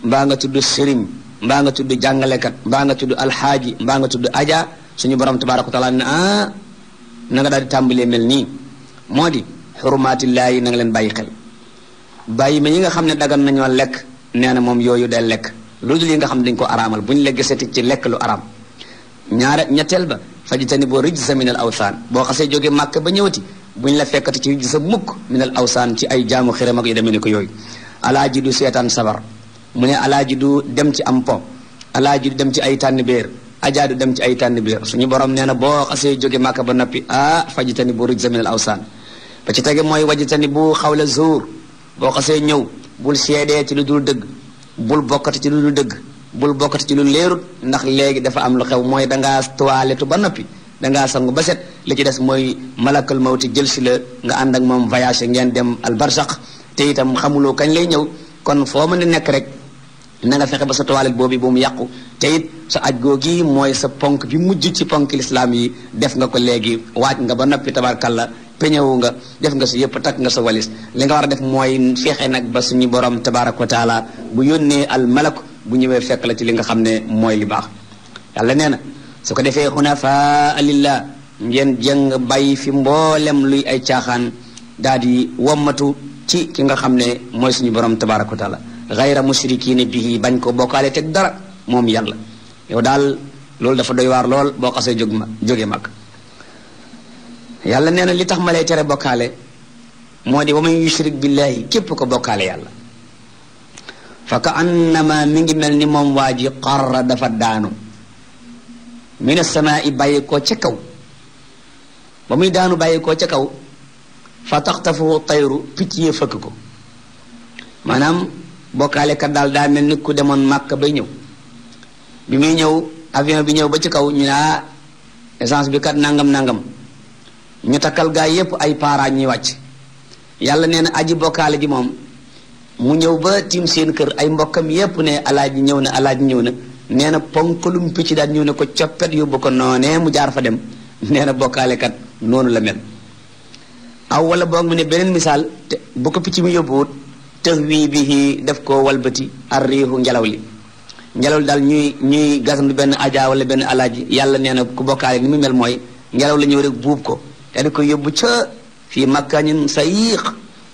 mbaa nga tudd sëriñ mbaa nga tudd jàngalekat mbaa nga tuddu alxaaji mbaa nga tudd aja suñu borom tabaaraka wa taala ne ah na nga daal di tàmbalee mel nii moo di xurumaatillaa yi na leen bàyyi xel bàyyi ma yi nga xam ne dagan nañoo lekk nee na moom yooyu day lekk lu dul nga xam ne dañ ko araamal bu ñu la gisati ci lekk lu araam ñaare ñetteel ba tani boo rijsa min al awsaan boo xasee jógee màkk ba ñëwati bu ñu la fekkati ci rijsa mukk min al awsaan ci ay jaamu xiram ak yu demee ni ko yooyu alaaji du seetaan sabar mu ne alaaji du dem ci am po alaaji du dem ci ay tànn béer ajaa du dem ci ay tànn béer suñu borom nee na boo xasee jóge màkka ba noppi ah fajitani bu ruj zaminal awsaan ba ci tege mooy wajitani bu xawla zuur boo xasee ñëw bul seedee ci lu dul dëgg bul bokkat ci lu dëgg bul bokkati ci lu leerut ndax léegi dafa am lu xew mooy dangaa toiletu ba noppi dangaa sangu ba set li ci des mooy malakal mawti jël si la nga ànd ak moom voyage ngeen dem albarsax te xamuloo kañ lay ñëw kon foo mën a nekk rek na nga fexe ba sa toilette boobu bu mu yàqu teyit it sa aj googi mooy sa ponk bi mujj ci ponk lislaam yi def nga ko léegi waaj nga ba noppi tabarkalla peñewu nga def nga sa yëpp takk nga sa walis li nga war a def mooy fexe nag ba suñu borom tabaraka wa taala bu yónnee al malak bu ñëwee fekk la ci li nga xam ne mooy li baax yàlla nee na su ko defee xunafaa lillah ngeen jëng bàyyi fi mboolem luy ay caaxaan daal di wommatu ci ki nga xam ne mooy suñu borom tabaraka wa taala gayra musrikiina bihi bañ koo bokkaale teg dara moom yàlla yow daal loolu dafa doy waar lool boo xasee jóg ma jóge mag yàlla nee na li tax ma lay tere bokkaale moo di wa yushrik billahi képp ko bokkaale yàlla fa ka annama ngi mel ni moom waa ji xarra dafa daanu min asamaai bàyyi koo ca kaw ba muy daanu bàyyi koo ca kaw fa taxtafu tayru picc yee fëkk ko maanaam bokkaalekat daal daa mel ni ku demoon màkk bay ñëw bi muy ñëw avion bi ñëw ba ci kaw ñu naa ah, essence bi kat nangam nangam ñu takkal gaa yépp ay paaraay ñuy wàcc yàlla nee na aji bokkaale ji moom mu ñëw ba tiim seen kër ay mbokkam yépp ne alaaji ñëw na alaaji ñëw na nee na ponkalum picc daal ñëw ne ko coppet yóbbu ko noonee mu jaar fa dem <laughs> nee na bokkaalekat noonu la mel aw wala boog mu ne beneen misaal te ko picc mi yóbbuwut tëx wii bi def ko walbati ar riixu ngelaw li ngelaw li daal ñuy ñuy gasandu benn ajaa wala benn alaaji yàlla nee na ku bokkaale ni mu mel mooy ngelaw la ñëw rek buub ko te di ko yóbbu ca fii makkanin sayiq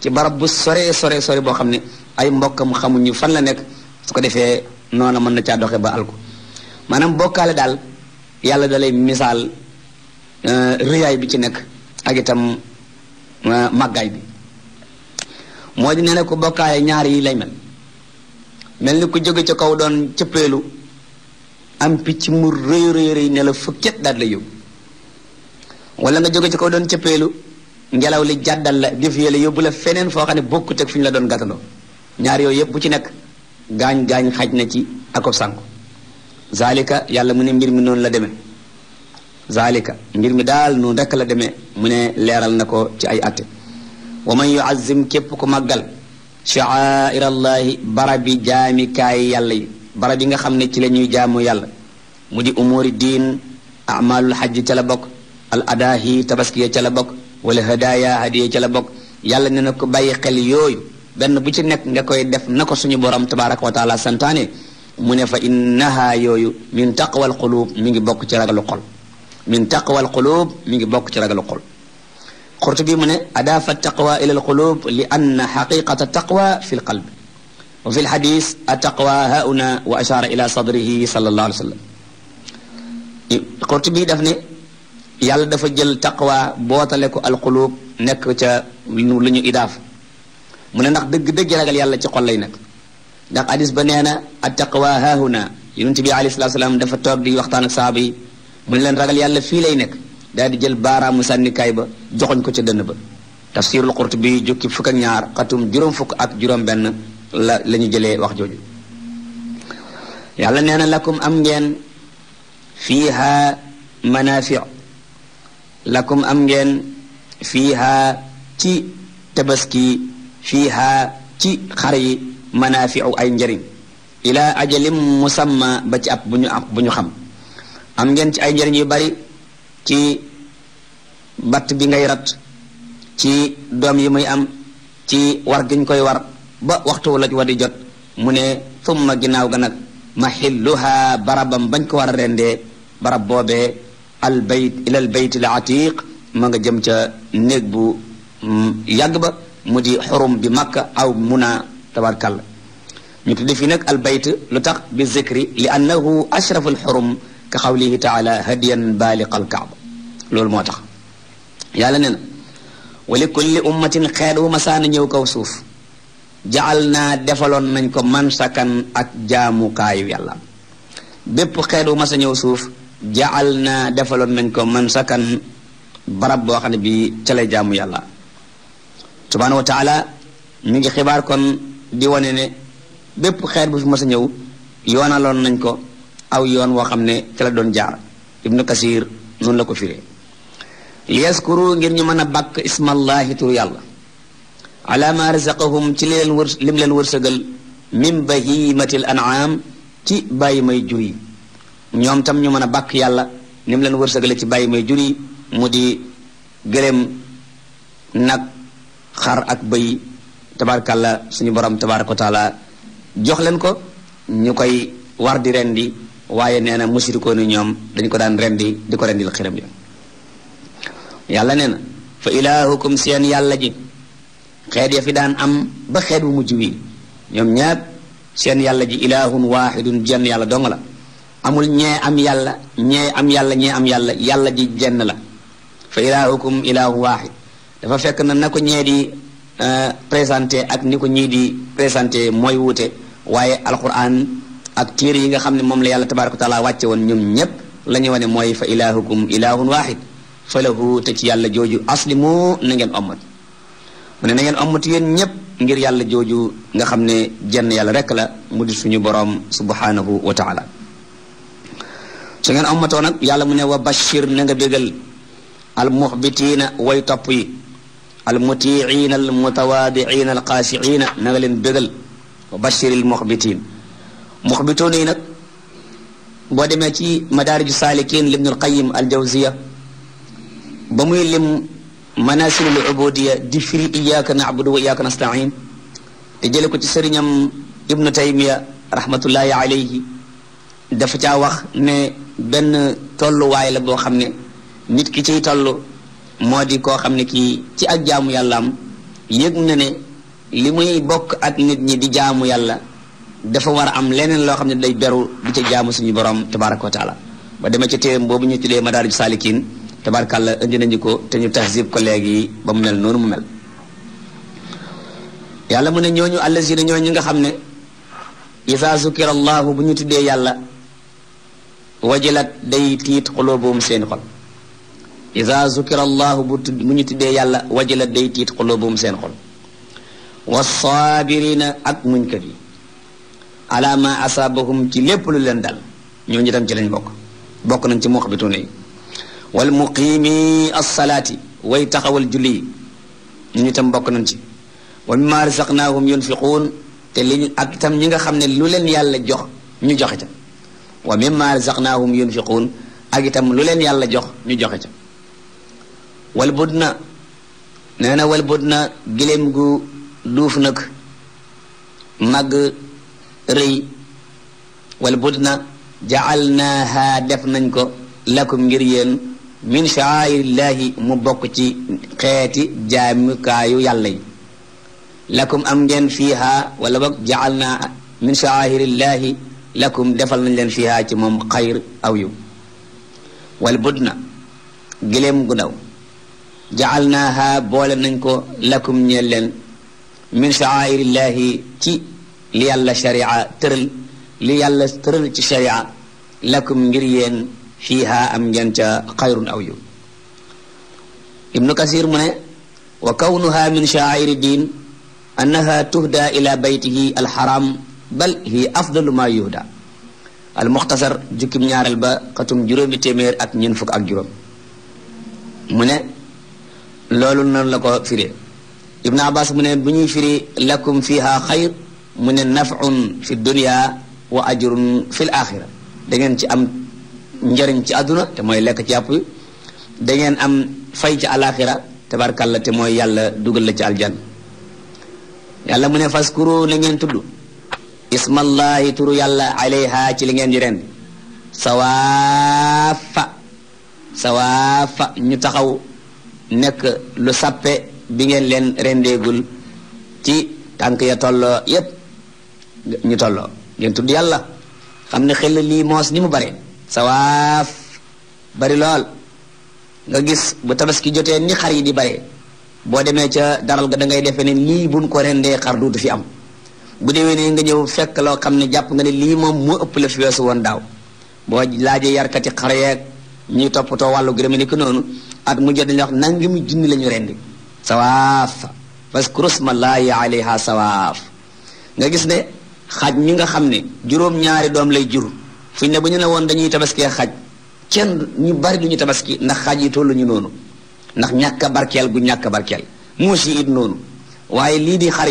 ci barab bu sore sore sore boo xam ne ay mbokkam xamuñu fan la nekk su ko defee noona mën na caa doxe ba alko maanaam bokkaale daal yàlla da misaal euh, rëyaay bi ci nekk ak Eh, màggaay bi moo di nee ko bokkaale ñaar yi lay mel mel ni ku jóge ca kaw doon cëppeelu am picc mu rëy rëy rëy ne la fëkket daal la yóbbu wala nga jóge ci kaw doon cëppeelu ngelaw li jàddal la defee la yóbbu la feneen foo xam ne bokkut ak fi ñu la doon gàttandoo ñaar yooyu yëpp bu ci nekk gaañ gaañ xaj na ci ako sànku zalika yàlla mu ne mbir mi noonu la deme zalika mbir mi daal noonu rekk la demee mu ne leeral na ko ci ay atte wa man yuazim képp ko màggal sha'aira allahi barabi jaamikaay yàlla yi barab yi nga xam ne ci la ñuy jaamu yàlla mu di umuri diin amalul xajj ca la bokk al adaahi tabaskiya ca la bokk wala hadaya hadiya ca la bokk yàlla ne na ko bàyyi xel yooyu benn bu ci nekk nga koy def na ko suñu borom tabaraka wa taala santaane mu ne fa innaha yooyu min taqwa al qulub mi ngi bokk ci ragalu xol min taqwal qulub mi ngi bokk ci ragalu xol Qurtubi mu ne adaafa taqwa ila alqulub li anna xaqiqata taqwa fi lqalb wa fi lxadis ataqwa hauna wa ashara ila sadrihi sallallahu alayhi wa sallam Qurtubi daf ne yàlla dafa jël taqwa bootale ko alqulub nekk ca lu ñu idaaf mu ne ndax dëgg-dëgg ragal yàlla ci xol lay nekk ndax hadis ba nee na ataqwa hauna yonent bi alayhi salaam dafa toog di waxtaan ak saaba yi mu ne leen ragal yàlla fii lay nekk daal di jël baaraamu sànnikaay ba joxoñ ko ca dënn ba tafsirul qurtubi jukki fukk ak ñaar xatum juróom fukk ak juróom benn la la ñu jëlee wax jooju yàlla nee na lakum am ngeen fiiha manafi lakum am ngeen fiiha ci tabaski fiiha ci xar yi manafiu ay njëriñ ila ajalim musamma ba ci ab bu ñu ab ñu xam am ngeen ci ay njëriñ yu bari ci batt bi ngay rat ci doom yi muy am ci war giñ koy war ba waxtu wu laj wa jot mu ne thumma ginnaaw ga nag maxilluha barabam bañ ko war a rendee barab boobe al bayt ila al ma nga jëm ca néeg bu mm, yàgg ba mu di xurum bi makka aw muna tabarkàlla ñu tudde fii nag al bayt lu tax bi zikri li annahu ashraful xurum ka xawlihi taala hadiyan baaliqal kaaba loolu moo tax yàlla ne na wa li kulli ummatin xeet wu masaana ñëw kaw suuf jaal naa defaloon nañ ko mansakan ak jaamukaayu yàlla bépp xeet wu masa ñëw suuf jaal naa defaloon nañ ko mansakan barab boo xam ne bi ca lay jaamu yàlla subhaanahu wa taala mi ngi xibaar kon di wane ne bépp xeet bu fi masa ñëw yoonaloon nañ ko aw yoon woo xam ne ci doon jaar ibnu kasir noonu la ko fiire li yaskuru ngir ñu mën a bàkk ismallahi tur yàlla ala ma razaqahum ci li leen wër lim leen wërsëgal min bahimatil an'am ci bàyyi may jur ñoom tam ñu mën a bàkk yàlla lim leen wërsëgale ci bàyyi may jur mu di gëléem nag xar ak bëy tabaarkàlla suñu borom tabaaraka wa taala jox leen ko ñu koy war di rendi waaye nee na musirikoon yi ñoom dañ ko daan rendi di ko rendil xiram ya yàlla nee na fa ilaahukum seen yàlla ji xeet ya fi daan am ba xeet bu mujj wi ñoom ñépp seen yàlla ji ilaahun waahidun jenn yàlla dong la amul ñee am yàlla ñee am yàlla ñee am yàlla yàlla ji jenn la fa ilaahukum ilaahu waahid dafa fekk na na ko ñee di euh, présenté ak ni ko ñii di présenté mooy wuute waaye alquran ak téere yi nga xam ne moom la yàlla tabaraka wa taala wàcce woon ñoom ñépp la ñuy wane mooy fa ilahukum ilahun wahid fa lahu te ci yàlla jooju aslimu na ngeen ommat mu ne na ngeen ommat yéen ñépp ngir yàlla jooju nga xam ne jenn yàlla rek la mu di suñu boroom subhanahu wa taala su ngeen ommatoo nag yàlla mu ne wa bashir na nga bégal al muxbitiina way topp yi al mutiiina al mutawaadiina al xaashiina na nga leen bégal wa bashir al muxbitiin muxbitoon yi nag boo demee ci madaariju saalikin libnul qayim aljawziya ba muy lim manasilul ubudiya di firi iyaaka naabudu wa iyaaka nastain te jële ko ci sëriñam ibnu taymiya rahmatullahi alayhi dafa caa wax ne benn tolluwaay la boo xam ne nit ki ciy toll moo di ko xam ne kii ci ak jaamu yàllaam yëg na ne li muy bokk ak nit ñi di jaamu yàlla dafa war a am leneen loo xam ne day beru di ca jaamu suñu borom tabaraka wa taala ba demee ci téeram boobu ñu tuddee madaarij saalikiin tabarakàlla indi nañu ko te ñu tahzib ko léegi ba mu mel noonu mu mel yàlla mu ne ñooñu allazina ñooñu nga xam ne isa zukira allahu bu ñu tuddee yàlla wajilat day tiit xuloobuum seen xol isa zukira allahu bu bu ñu tuddee yàlla wajilat day tiit xuloobuum seen xol yi ala ma asaabahum ci lépp lu leen dal ñu tam ci lañ bokk bokk nañ ci muxbituuna yi wal muqiimi alsalaati way taxawal julli yi ñu tam mbokk nañ ci wa mimma razaqnaahum yunfiquun te li ñu ak itam ñi nga xam ne lu leen yàlla jox ñu joxe ca wa mimma razaqnaahum yunfiquun ak itam lu leen yàlla jox ñu joxe ca wal budna nee na wal budna giléem gu duuf nag màgg rëy wala bud na jaalnaaha def nañ ko lakum ngir yéen min shaairillaahi mu bokk ci xeeti jaamukaayu yàlla yi lakum am ngeen fiiha wala boog jaal naa min shaairillaahi lakum defal nañ leen fiiha ci moom xayr aw wal bud na giléem gu ndaw jaal lakum ñeel leen min shaairillaahi ci li yàlla sharia tëral li yàlla tëral ci sharia lakum ngir yéen fiiha am ngeen ca xayrun aw yiw ibnu kasir mu ne wa kawnuha min shaairi diin annaha tuhda ila baytihi alxaram bal hi afdalu ma yuhda almuxtasar jukkim ñaareel ba katum juróomi téeméer ak ñeent fukk ak juróom mu ne loolu noonu la ko firi lakum fiha xayr mu ne nafun fi dunia wa ajrun fi l axira ci am njariñ ci àdduna te mooy lekk ci yàpp yi da ngeen am fay ci alaxira tabarkàlla te mooy yàlla dugal la ci aljan yàlla mu ne faskuru na ngeen tudd ismallahi turu yàlla alayha ci li ngeen di ren sawaafa ñu taxaw nekk lu sappe bi ngeen leen rendeegul ci tànk ya tolloo yépp ñu tolloo ngeen tudd yàlla xam ne xel lii moos ni mu bare sawaaf bari lool nga gis bu tabaski jotee ni xar yi di bare boo demee ca daral ga da ngay defee ne nii buñ ko rendee xar duutu fi am bu déwee ne nga ñëw fekk loo xam ne jàpp nga ne lii moom moo ëpp la fi weesu woon daaw boo laajee yarkati xar yeeg ñuy toppatoo wàllu gërëm ni ko noonu at mu jot dañuy wax nangami junni la ñu rendi sawaaf parce que rusma laayi alayha sawaaf nga gis ne xaaj mi nga xam ne juróom-ñaari doom lay jur fu ñu ne bu ñu ne woon dañuy tabaskee xaj kenn ñu bari du ñu tabaski ndax xaj yi tollu ñu noonu ndax ñàkk a barkeel gu ñàkk a barkeel muus yi it noonu waaye lii di xar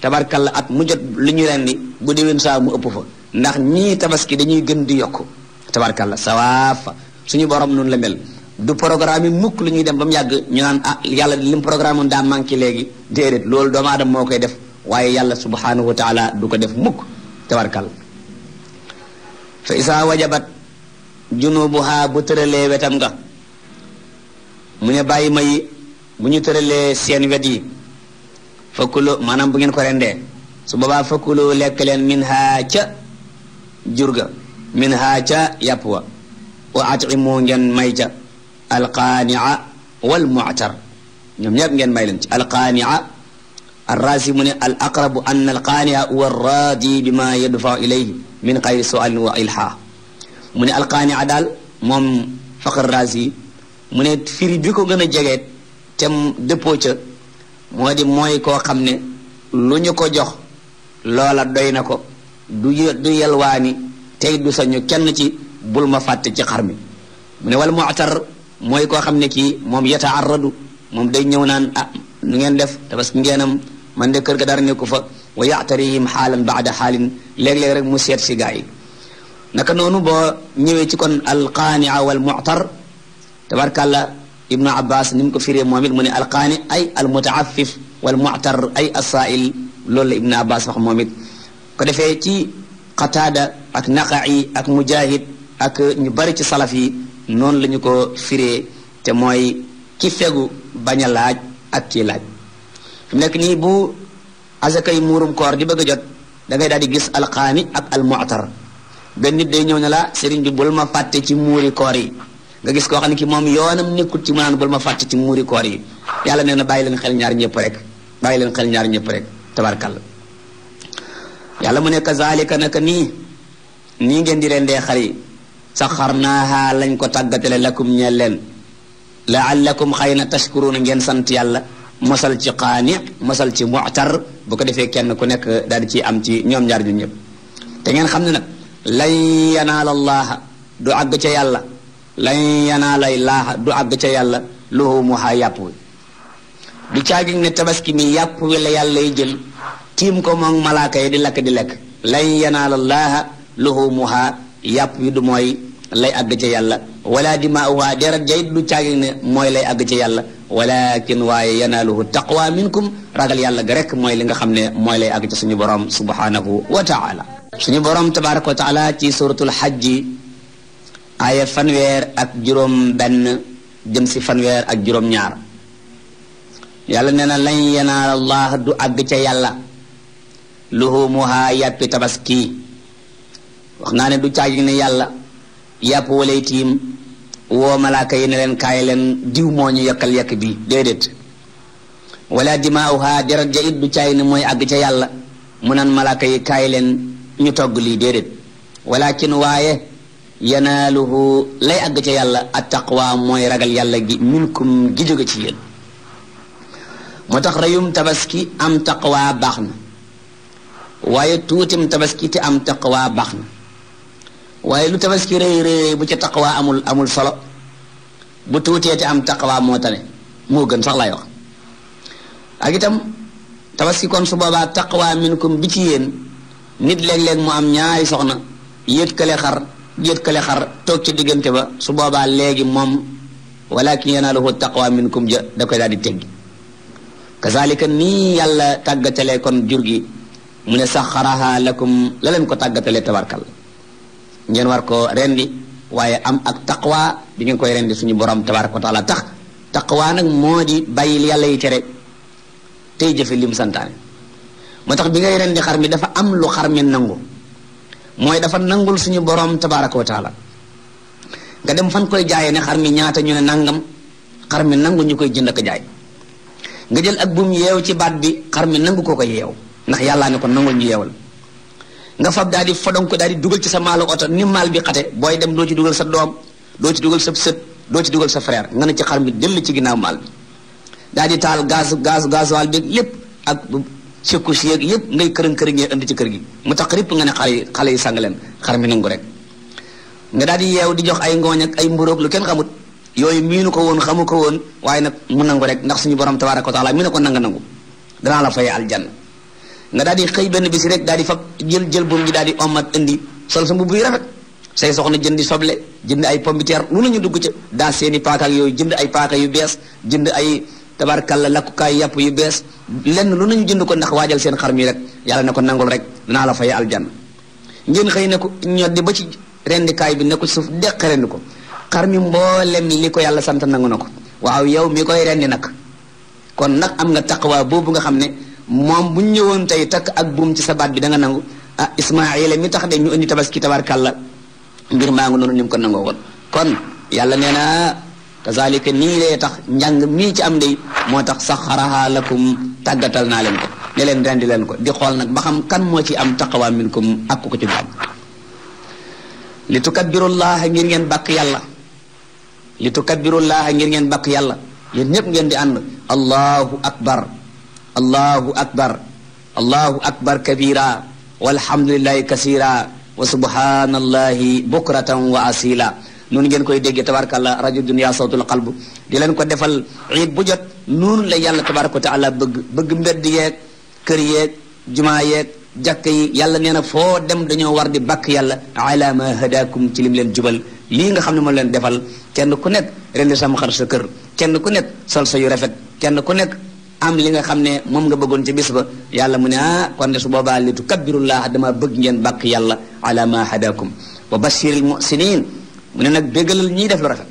tabarkal la at mu jot li ñu leen bu déwén saa mu ëpp fa ndax ñii tabaski dañuy gën di yokk tabarkal la sawaafa suñu borom noonu la mel du programme yi mukk lu ñuy dem ba mu yàgg ñu naan ah yàlla li mu programme daa manqué léegi déedéet loolu doomu aadama moo koy def waaye yàlla subhanahu wa taala du ko def mukk tabarkal fa isaa wajabat junubuha bu tëralee wetam nga mu ne bàyyi mayi bu ñu tëralee seen wet yi fakkuloo maanaam bu ngeen ko rendee su boobaa fakkuloo lekk leen min haa ca jur ga min haa ca yàpp wa wa atimu ngeen may ca alqaania wal mu'tar ñoom ñëpp ngeen may leen ci alqaania arrazi mu ne al aqrabu an al qaania huwa raadi bi ma yadfa ilayhi min xayri sualin wa ilha mu ne al qaania daal moom faqar razi mu ne firi bi ko gën a jege te dëppoo ca moo di mooy koo xam ne lu ñu ko jox loola doy na ko du du yelwaani tey du sañu kenn ci bul ma fàtte ci xar mi mu ne wal mu'tar mooy koo xam ne kii moom yataarradu moom day ñëw naan ah nu ngeen def tabaski ngeenam man de kër ga dara nekku fa wa ya'tarihim xaalan baada xaalin léeg-léeg rek mu seet si gaa yi naka noonu boo ñëwee ci kon alqaania wal mu'tar tabarkàlla ibnu abbas ni mu ko firee moom it mu ne alqaani ay almutaafif wal mu'tar ay asaail loolu la ibnu abbas wax moom it ko defee ci qataada ak naqai ak mujahid ak ñu bari ci salaf yi noonu la ñu ko fire te mooy ki fegu bañ a laaj ak kii laaj mu nekk nii bu asakay muurum koor di bëgg a jot da ngay daal di gis alqaami ak almu'tar benn nit day ñëw ne la sëriñ bi bul ma fàtte ci muuri koor yi nga gis koo xam ne ki moom yoonam nekkul ci mu naan ma fàtte ci muuri yi yàlla nee na bàyyi leen xel ñaar ñëpp rek bàyyi leen xel ñaar ñëpp rek tabarkalla yàlla mu ne kazalika naka nii nii ngeen di leen dee xar yi saxarnaaha lañ ko tàggatale lakum ñeel leen laallakum xëy na tashkuruuna ngeen sant yàlla mosal ci qaani mosal ci mu'tar bu ko defee kenn ku nekk daal di ciy am ci ñoom ñaar ñun ñëpp te ngeen xam ne nag lan yanaala allaaha du àgg ca yàlla lan yanaala laaha du àgg ca yàlla luhumuha yàpp wi du ne tabaski mi yàpp wi yàlla jël tiim ko moom malaaka di lakk di lekk lan yanaala allaaha luhumuha yàpp wi du mooy lay àgg ca yàlla wala dimaa'uha deret jayit du caagi ne mooy lay àgg ci yàlla walakin waaye yanaaluhu taqwa minkum ragal yàlla ga rek mooy li nga xam ne mooy lay àgg ci suñu borom subhanahu wa taala suñu borom tabaraka wa taala ci suratul xajji aaya fanweer ak juróom benn jëm si fanweer ak juróom ñaar yàlla nee na lan yanaal allah du àgg ca yàlla luhumuha yàppi tabaski wax naa ne du caagi ne yàlla yàpp walay tiim woo malaaka yi ne leen kaay leen diw moo ñu yokkal yekk bi déedéet wala dimaawha deret ja it du mooy àgg ca yàlla mu naan malaaka yi kaay leen ñu togg lii déedéet walakin waaye yanaaluhu lay àgg ca yàlla attaqwa mooy ragal yàlla gi minkum gi jóge ci yéen moo tax reyum tabaski am taqwa baax na waaye tuutim tabaski te am taqwa baax na waaye lu tabaski rëy rëy bu ci taqwa amul amul solo bu tuutee te am taqwa moo tane moo gën sax lay wax ak itam tabaski kon su boobaa taqwa minkum bi ci yéen nit léeg-léeg mu am ñaari soxna yéet kële xar yéet kële xar toog ci diggante ba su boobaa léegi moom walakin yanaaluhu taqwa minkum ja da koy daal di teggi kazalika nii yàlla tàggatalee kon jur gi mu ne saxaraha lakum la leen ko tàggatalee tabarkal ngeen war ko rendi waaye am ak taqwa bi ngeen koy rendi suñu borom tabaraka wa taala tax waa nag moo di bàyyil yàlla yi tere tey jëfe lim santaane moo tax bi ngay rendi xar mi dafa am lu xar mi nangu mooy dafa nangul suñu borom tabaraka wa taala nga dem fan koy jaayee ne xar mi ñaata ñu ne nangam xar mi nangu ñu koy jënd ak jaay nga jël ak buum yeew ci baat bi xar mi nangu koo ko yeew ndax yàllaa ne ko nangul ñu yeewal nga fab daal di fodon ko daal di dugal ci sa maalo oto ni maal bi xate booy dem doo ci dugal sa doom doo ci dugal sa sët doo ci dugal sa frère nga ne ci xar mi dell ci ginnaaw maal bi daal di taal gaz gaz gasoil bi lépp ak secours yeeg yëpp ngay kër kërën ngee indi ci kër gi mu tax ripp nga ne xale yi xale yi sàng leen xar mi nangu rek nga daal di yeew di jox ay ngooñ ak ay mburóog lu kenn xamut yooyu miinu ko woon xamu ko woon waaye nag mu nangu rek ndax suñu borom tabaraka wa taala mi ne ko nanga nangu danaa la fay aljanna nga daal di xëy benn bis rek daal di fab jël jël buum ji daal di ommat indi sol sa mbubb yi rafet say soxna jëndi soble jënd ay pombiteer lu nañu dugg ca daal seeni paaka yooyu jënd ay paaka yu bees jënd ay tabarkalla lakkukaay yàpp yu bees lenn lu nañu jënd ko ndax waajal seen xar mi rek yàlla ne ko nangul rek danaa la fay aljanna ngeen xëy ne ko ñoddi ba ci rendikaay bi ne deq rendi ko xar mi mboolem ko yàlla sant nangu na ko waaw yow mi koy rendi nag kon nag am nga taqwa boobu nga xam ne moom bu ñëwoon tey takk ak buum ci sa baat bi da nga nangu ah Ismaayila mi tax de ñu indi tabaski tabarkàlla mbir maa ngi ko nangoo woon kon yàlla nee na kazalika nii tax njàng mii ci am day moo tax saxaraha lakum tàggatal naa leen ko ne leen ko di nag ba xam kan moo ci am taqwa minkum ak ko ci am li tukabbirullaha ngir ngeen bàkk yàlla li tukabbirullaha ngir ngeen bàkk yàlla yéen ñëpp ngeen di ànd allahu akbar allahu akbar allahu akbar kabira walhamdulillahi kasira wa subhanallahi bukratan wa asila noonu ngeen koy déggee tabarakàllah rajo dunia sawtul qalb di leen ko defal iid bu jot noonu la yàlla tabaraka wa taala bëgg bëgg mbedd yeeg kër yeeg jumaa yeeg jàkk yi yàlla nee na foo dem dañoo war di bàkk yàlla ala ma hadakum ci lim leen jubal lii nga xam ne moom leen defal kenn ku nekk rendi sam xar sa kër kenn ku nekk sol sa yu rafet kenn ku nekk am li nga xam ne moom nga bëggoon ci bis ba yàlla mu ne ah kon de su boobaa litu kabbirullah dama bëgg ngeen bàkk yàlla ala ma hadakum wa bashiril muhsinin mu ne nag bégalal ñiy def lu rafet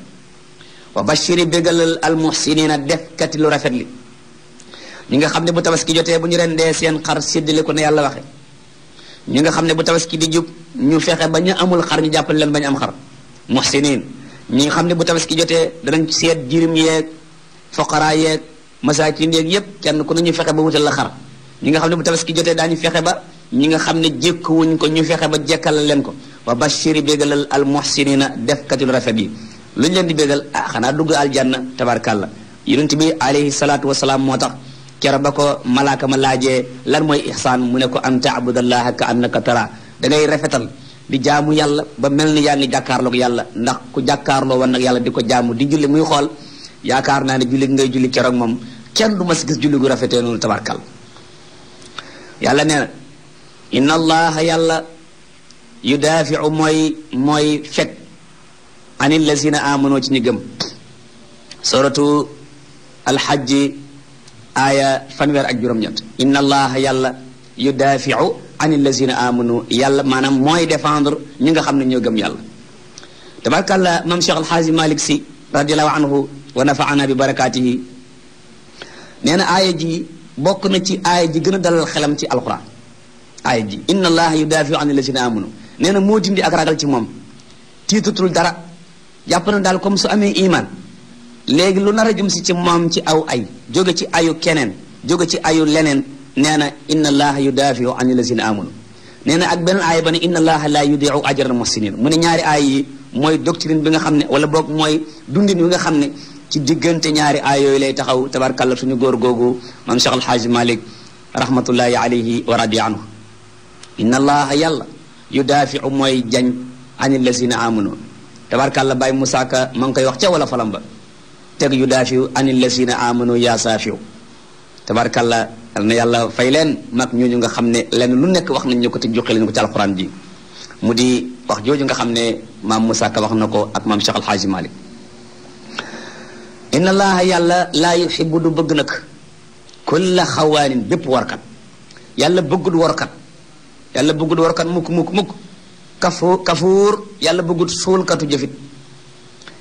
wa bashiri bégalal al muhsinina def kati lu rafet li ñi nga xam ne bu ki jotee bu ñu dee seen xar séddale ko ne yàlla waxe ñu nga xam ne bu tabaski di jub ñu fexe ba ñu amul xar ñu jàppale leen ba ñu am xar muhsinin ñi nga xam ne bu tabaski jotee danañ seet jirim yeeg foqara yeeg masaakin yeeg yépp kenn ku ne ñu fexe ba wutal la xar ñi nga xam ne bu tabaski jotee daañu fexe ba ñi nga xam ne jékkuwuñ ko ñu fexe ba jekkala leen ko wa bashiri bégalal al muhsinina def katul rafet yi lu ñu leen di bégal ah xanaa dugg aljanna tabarkàlla yonent bi alayhi salaatu wasalaam moo tax kero ba ko malaaka ma laajee lan mooy ihsaan mu ne ko an taabudallaha ka annaka tara da dangay rafetal di jaamu yàlla ba mel ni yaa ngi jàkkaarloog yàlla ndax ku jàkkaarloo woon nag yàlla di ko jaamu di julli muy xool yaakaar naa ne julli ngay julli keroog moom kenn du mas gis julli gu rafetee noonu tabarkal yàlla nee na inna allaha yàlla yudaafiu mooy mooy fekk anil lazina amano ci ñu gëm suratu alxajji aaya fanweer ak juróom-ñett inna allaha yàlla yudaafiu anil lazina amano yàlla maanaam mooy défendre ñi nga xam ne ñoo gëm yàlla mam cheikh alxaaji malik si radiallahu anhu wa nafaana bi barakaatihi nee na aaya ji bokk na ci aaya ji gën a dalal xelam ci alquran aaya ji inna allaha yudaafiu an alladina amanu nee na moo dindi ak ci moom tiitatul dara jàpp na daal comme su amee iman léegi lu nar a jëm si ci moom ci aw ay jóge ci ayu keneen jóge ci ayu leneen nee na inna allaha yudaafiu an alladina amanu nee na ak beneen aaya ba ne inna allaha la yudiu ajral muhsinin mu ne ñaari aay yi mooy doctrine bi nga xam ne wala boog mooy dundin bi nga xam ne ci diggante ñaari aay yooyu lay taxaw tabarkàlla suñu góor googu maam Cheikh Al Hadj Malick rahmatullahi alayhi wa radi anhu inna allaha yàlla yudaafiu mooy jañ an illazina amanu tabarkàlla Baye Moussa Ka ma ngi koy wax ca wala falam ba teg yudaafiu an illazina amanu yaa saafiu tabarkàlla na yàlla fay leen mag ñooñu nga xam ne lenn lu nekk wax nañ ñu ko te joxe leen ko ci alquran mu di wax jooju nga xam ne maam Moussa Ka wax na ko ak maam Cheikh Al malik inna allaha yàlla laa yuhibbu du bëgg nag kulla xawaanin bépp warkat yàlla bëggul warkat yàlla bëggul warkat mukk mukk mukk kafu kafuur yàlla bëggul suulkatu jëfit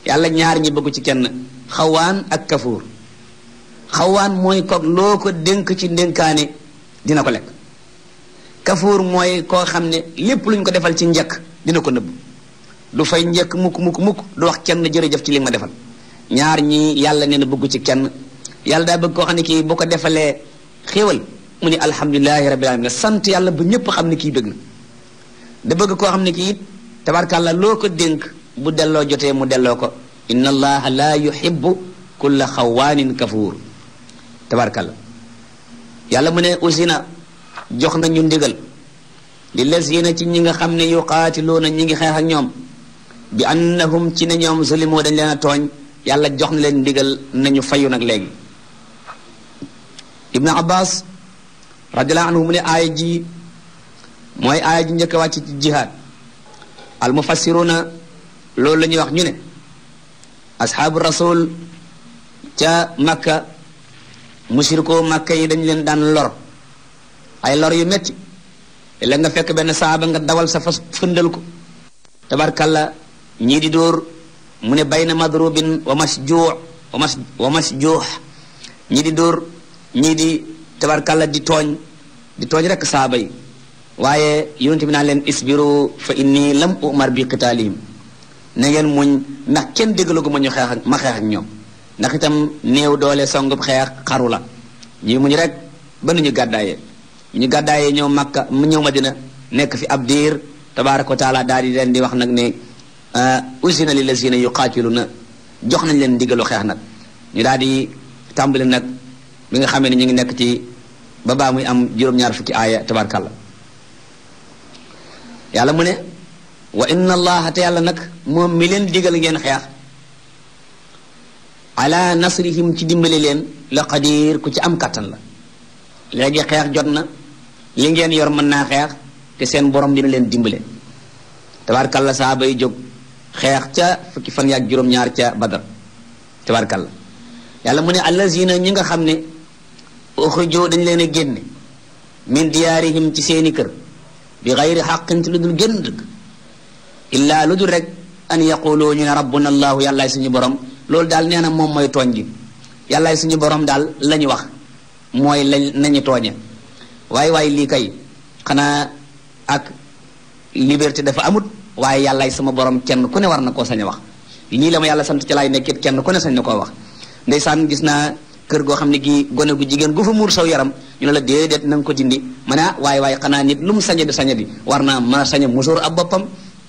yàlla ñaar ñi bëggu ci kenn xawaan ak kafuur xawaan mooy koog loo ko dénk ci ndénkaane dina ko lekk kafuur mooy koo xam ne lépp luñ ko defal ci njëkk dina ko nëbb du fay njëkk mukk mukk mukk du wax kenn jëf ci li ma defal ñaar ñi yàlla nee na bëgg ci kenn yàlla daa bëgg koo xam ne kii ko defalee xéewal mu ne alhamdulilahi sant yàlla ba ñëpp xam ne kii bëgg na da bëgg koo xam ne kii it tabarkàlla loo ko dénk bu delloo jotee mu delloo ko inna allaha la yuhibbu kulla xawaanin kafuur tabarkàlla yàlla mu ne aussi na jox na ñu ndigal li lazina ci ñi nga xam ne yuqaatiluuna ñi ngi xeex ak ñoom bi annahum ci ne ñoom zulimoo dañ leen a tooñ yàlla jox na leen ndigal nañu fayu nag léegi ibnu abbas radiallahu anhu mu ne aaya ji mooy aaya ji njëkk a wàcc ci jihaad al mufassiruna loolu la ñuy wax ñu ne ashaabu rasul ca makka mushriko makka yi dañ leen daan lor ay lor yu metti la fekk benn saaba nga dawal sa fas ko tabarkalla ñii di dóor mu ne bayna madrubin wa masjuux wa mas wa masjuux ñi di dóor ñii di tabarkalla di tooñ di tooñ rek saaba yi waaye yonent bi naa leen isbiru fa inni lam umar bi qitaalihim na ngeen muñ ndax kenn déggalu ko ma ñu xeex ma xeex ak ñoom ndax itam néew doole songub xeex xaru la ñuy muñ rek ba nu ñu gàddaayee ñu gàddaayee ñëw Makka mu ñëw Madina nekk fi ab diir tabaaraka wa daal di leen di wax nag ne Uh, usina li lazina na jox nañ leen ndigalu xeex nag ñu daal di tàmbali nag mi nga xamee ne ñu ngi nekk ci ba baa muy am juróom-ñaar fukki aaya tabarkàlla yàlla mu ne wa inna allaha te yàlla nag moom mi leen digal ngeen xeex ala nasrihim ci dimbali leen la qadir ku ci am kàttan la léegi xeex jot na li ngeen yor mën naa xeex te seen borom dina leen dimbale tabarkàlla saaba yi jóg xeex ca fukki fan yaag juróom-ñaar ca badar tabarkalla yàlla mu ne na ñi nga xam ne uxrijoo dañ leen a génne min diyaarihim ci seeni kër bi xayri xaqin ci lu dul génn dëgg illaa lu dul rek an yaqulu ñu ne rabbuna allahu yàllaay suñu borom loolu daal nee na moom mooy tooñ gi yàllaay suñu borom daal la wax mooy lañ nañu tooñe waaye waaye lii kay xanaa ak liberté dafa amut waaye yàllaay sama borom kenn ku ne war na koo sañ a wax lii la ma yàlla sant ci laay nekkit kenn ku ne sañ na koo wax ndeysaan gis naa kër goo xam ne gi gone gu jigéen gu fa muur saw yaram ñu ne la déedéet na ko dindi ma ne ah waaye waaye xanaa nit lu mu sañe di sañe di war naa mën a boppam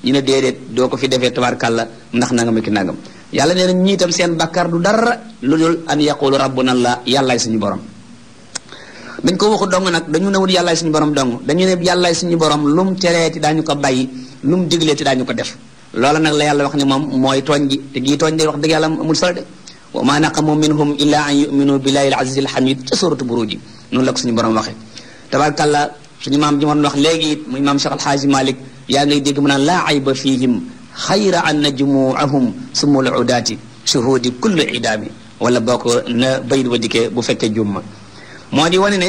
ñu ne déedéet doo ko fi defee tabaarkàlla ndax nangam ak nangam yàlla nee na ñii itam seen bàkkaar du dara lu dul an yaqulu rabbuna la yàllaay suñu borom dañ ko waxu dong nag dañu newut yàllaay suñu borom dong dañu ne yàllaay suñu borom lu mu tereeti daañu ko bàyyi lu mu diglee ci daañu ko def loola nag la yàlla wax ne moom mooy tooñ gi te gii wax dëgg yàlla amul solo de wa ma naqamu minhum illa an yuminu billahi al aziz al hamid ca suratu buruji noonu la ko suñu borom waxee tabarkàlla suñu maam ji ma doon wax léegi it muy maam Cheikh Alhaaji Malick yaa ngay dégg mu naan laa ayba fihim xayra anna jumuahum sumul udaati shuhudi kullu idaami wala boo ko na bayit wa dikkee bu fekkee jumma moo di wane ne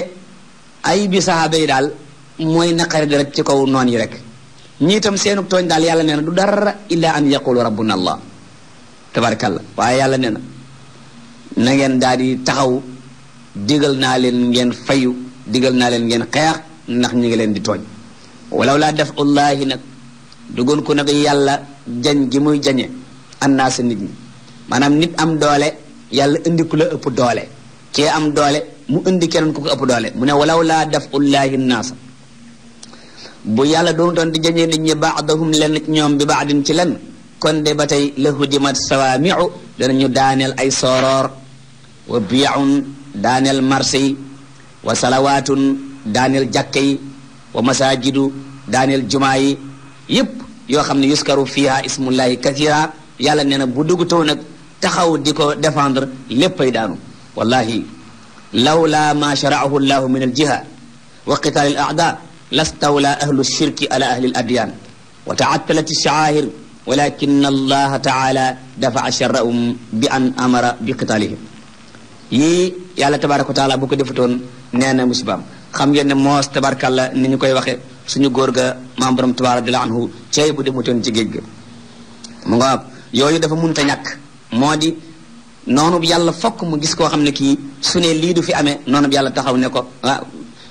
ay bi yi daal mooy naqari deret ci kaw noon yi rek ñi itam seenu tooñ daal yàlla nee na du dara illa an yaqulu rabbuna allah tabarakallah waaye yàlla nee na na ngeen daal di taxaw digal naa leen ngeen fayu digal naa leen ngeen xeex ndax ñu ngi leen di tooñ walaw laa def ullaahi nag dugoon ko nag yàlla jañ gi muy jañe annaasa nit maanaam nit am doole yàlla indi ku la ëpp doole kee am doole mu indi keneen ku ko ëpp doole mu ne walaw laa def ullaahi naasa bu yàlla doonu doon di jañee nit ñi baadahum lenn ñoom bi baadin ci lenn kon de ba tey sawa sawaamiu danañu daaneel ay sooroor wa biyaun daaneel marché yi wa salawaatun daaneel jàkke yi wa masajidu daaneel jumaa yi yépp yoo xam ne yuskaru fiha ismullahi kathira yàlla nee na bu dugg taw nag taxaw di ko défendre léppay daanu wallahi lawla ma sharaahu llahu min aljiha wa qitaal al la lastawla ahlu shirki ala ahli al-adyan wa ta'attalat ash-sha'air walakin allah ta'ala dafa'a sharrahum bi an amara bi qitalihim yii yàlla tabaraka wa taala bu ko defutoon nee na musibaam xam ngeen ne moos tabarkàlla ni ñu koy waxe suñu góor ga maam borom Tuubaa radiyallaahu anhu cey bu demutoon ci géej ga mu nga yooyu dafa munta ñàkk moo di noonu yàlla fokk mu gis koo xam ne kii su lii du fi amee noonu yàlla taxaw ne ko ah,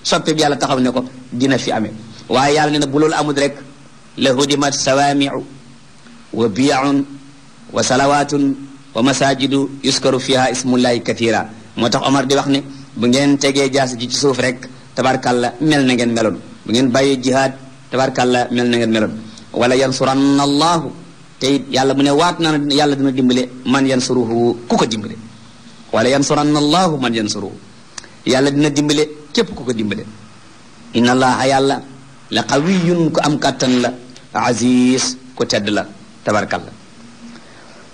soppeeb yàlla taxaw ne ko dina fi amee waaye yàlla ne na bu loolu amul rek la hudimat sawaamiu wa biyaun wa salawaatun wa masajidu yuskaru fiha ismullahi katira moo tax Omar di wax ne bu ngeen tegee jaas ji ci suuf rek tabarkalla mel na ngeen meloon bu ngeen bàyyee jihaad tabarkalla mel na ngeen meloon wala yansuranna allahu te it yàlla mu ne waat na ne yàlla dina dimbale man yansuruhu ku ko dimbale wala yansuranna allahu man yansuruhu yàlla dina dimbale képp ku ko dimbale inna allaha yàlla la qawiyun ku am kàttan la aziz ku tedd la tabarkalla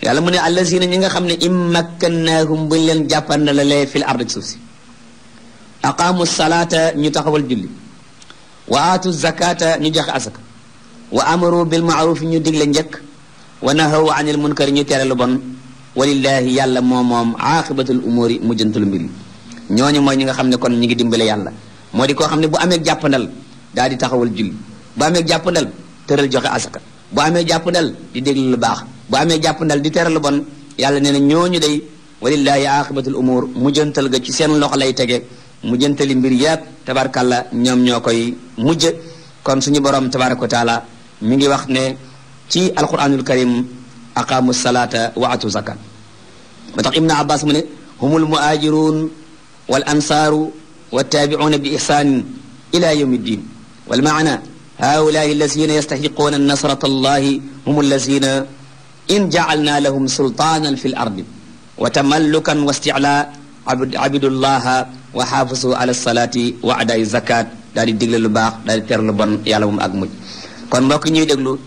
yàlla mu ne allazina ñi nga xam ne im makkannaahum buñ leen jàppanda la lee fil ard suuf si aqaamu salaata ñu taxawal julli wa aatu zakata ñu joxe asaka wa amaru bil maaruf ñu digle njëkk wa nahaw anil munkar ñu tere lu bon walillahi yàlla moo moom aaqibatul umuri mujjantalu mbir yi ñooñu mooy nga xam ne kon ñi ngi dimbale yàlla moo di koo xam ne bu amee jàppandal daal di taxawal julli bu amee jàppandal tëral joxe asaka bu amee jàppandal di déglu lu baax bu amee jàppandal di teral lu bon yàlla ne na ñooñu day walillaahi aqibatul umur mujjantal ga ci seen loxo lay tege mujjantali mbir yépp tabarkàlla ñoom ñoo koy mujj kon suñu borom tabaraka wa taala mi ngi wax ne ci alquranul karim aqaamu salaata wa atu moo tax ibnu abbas mu ne humul muajiruun wal ansaaru wattaabicuuna bi ixsaanin ila yawmi ddin walmaana haulaai allazina yastaxiquuna nasrata allahi hum allazina in jacalna lahum sultaanan fi l ardi wa tamallukan wa isticlaa abidullaha wa xaafisu ala salaati wa adaay zakat daal di digle lu baax daal di ter lu bon yàlla moom ak mujj kon mbokk ñuy déglu ñu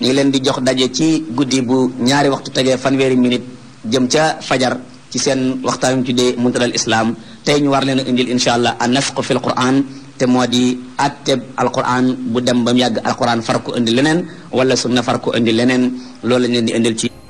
ngi leen di jox daje ci guddi bu ñaari waxtu tegee fanweeri minute jëm ca fajar ci seen waxtaan wi ñu tuddee Muntadal Islam tey ñu war leen a indil incha allah an nasqu fi alquran te moo di atteb alquran bu dem ba mu yàgg alquran far ko indi leneen wala sunna far ko indi leneen loolu lañ leen di indil ci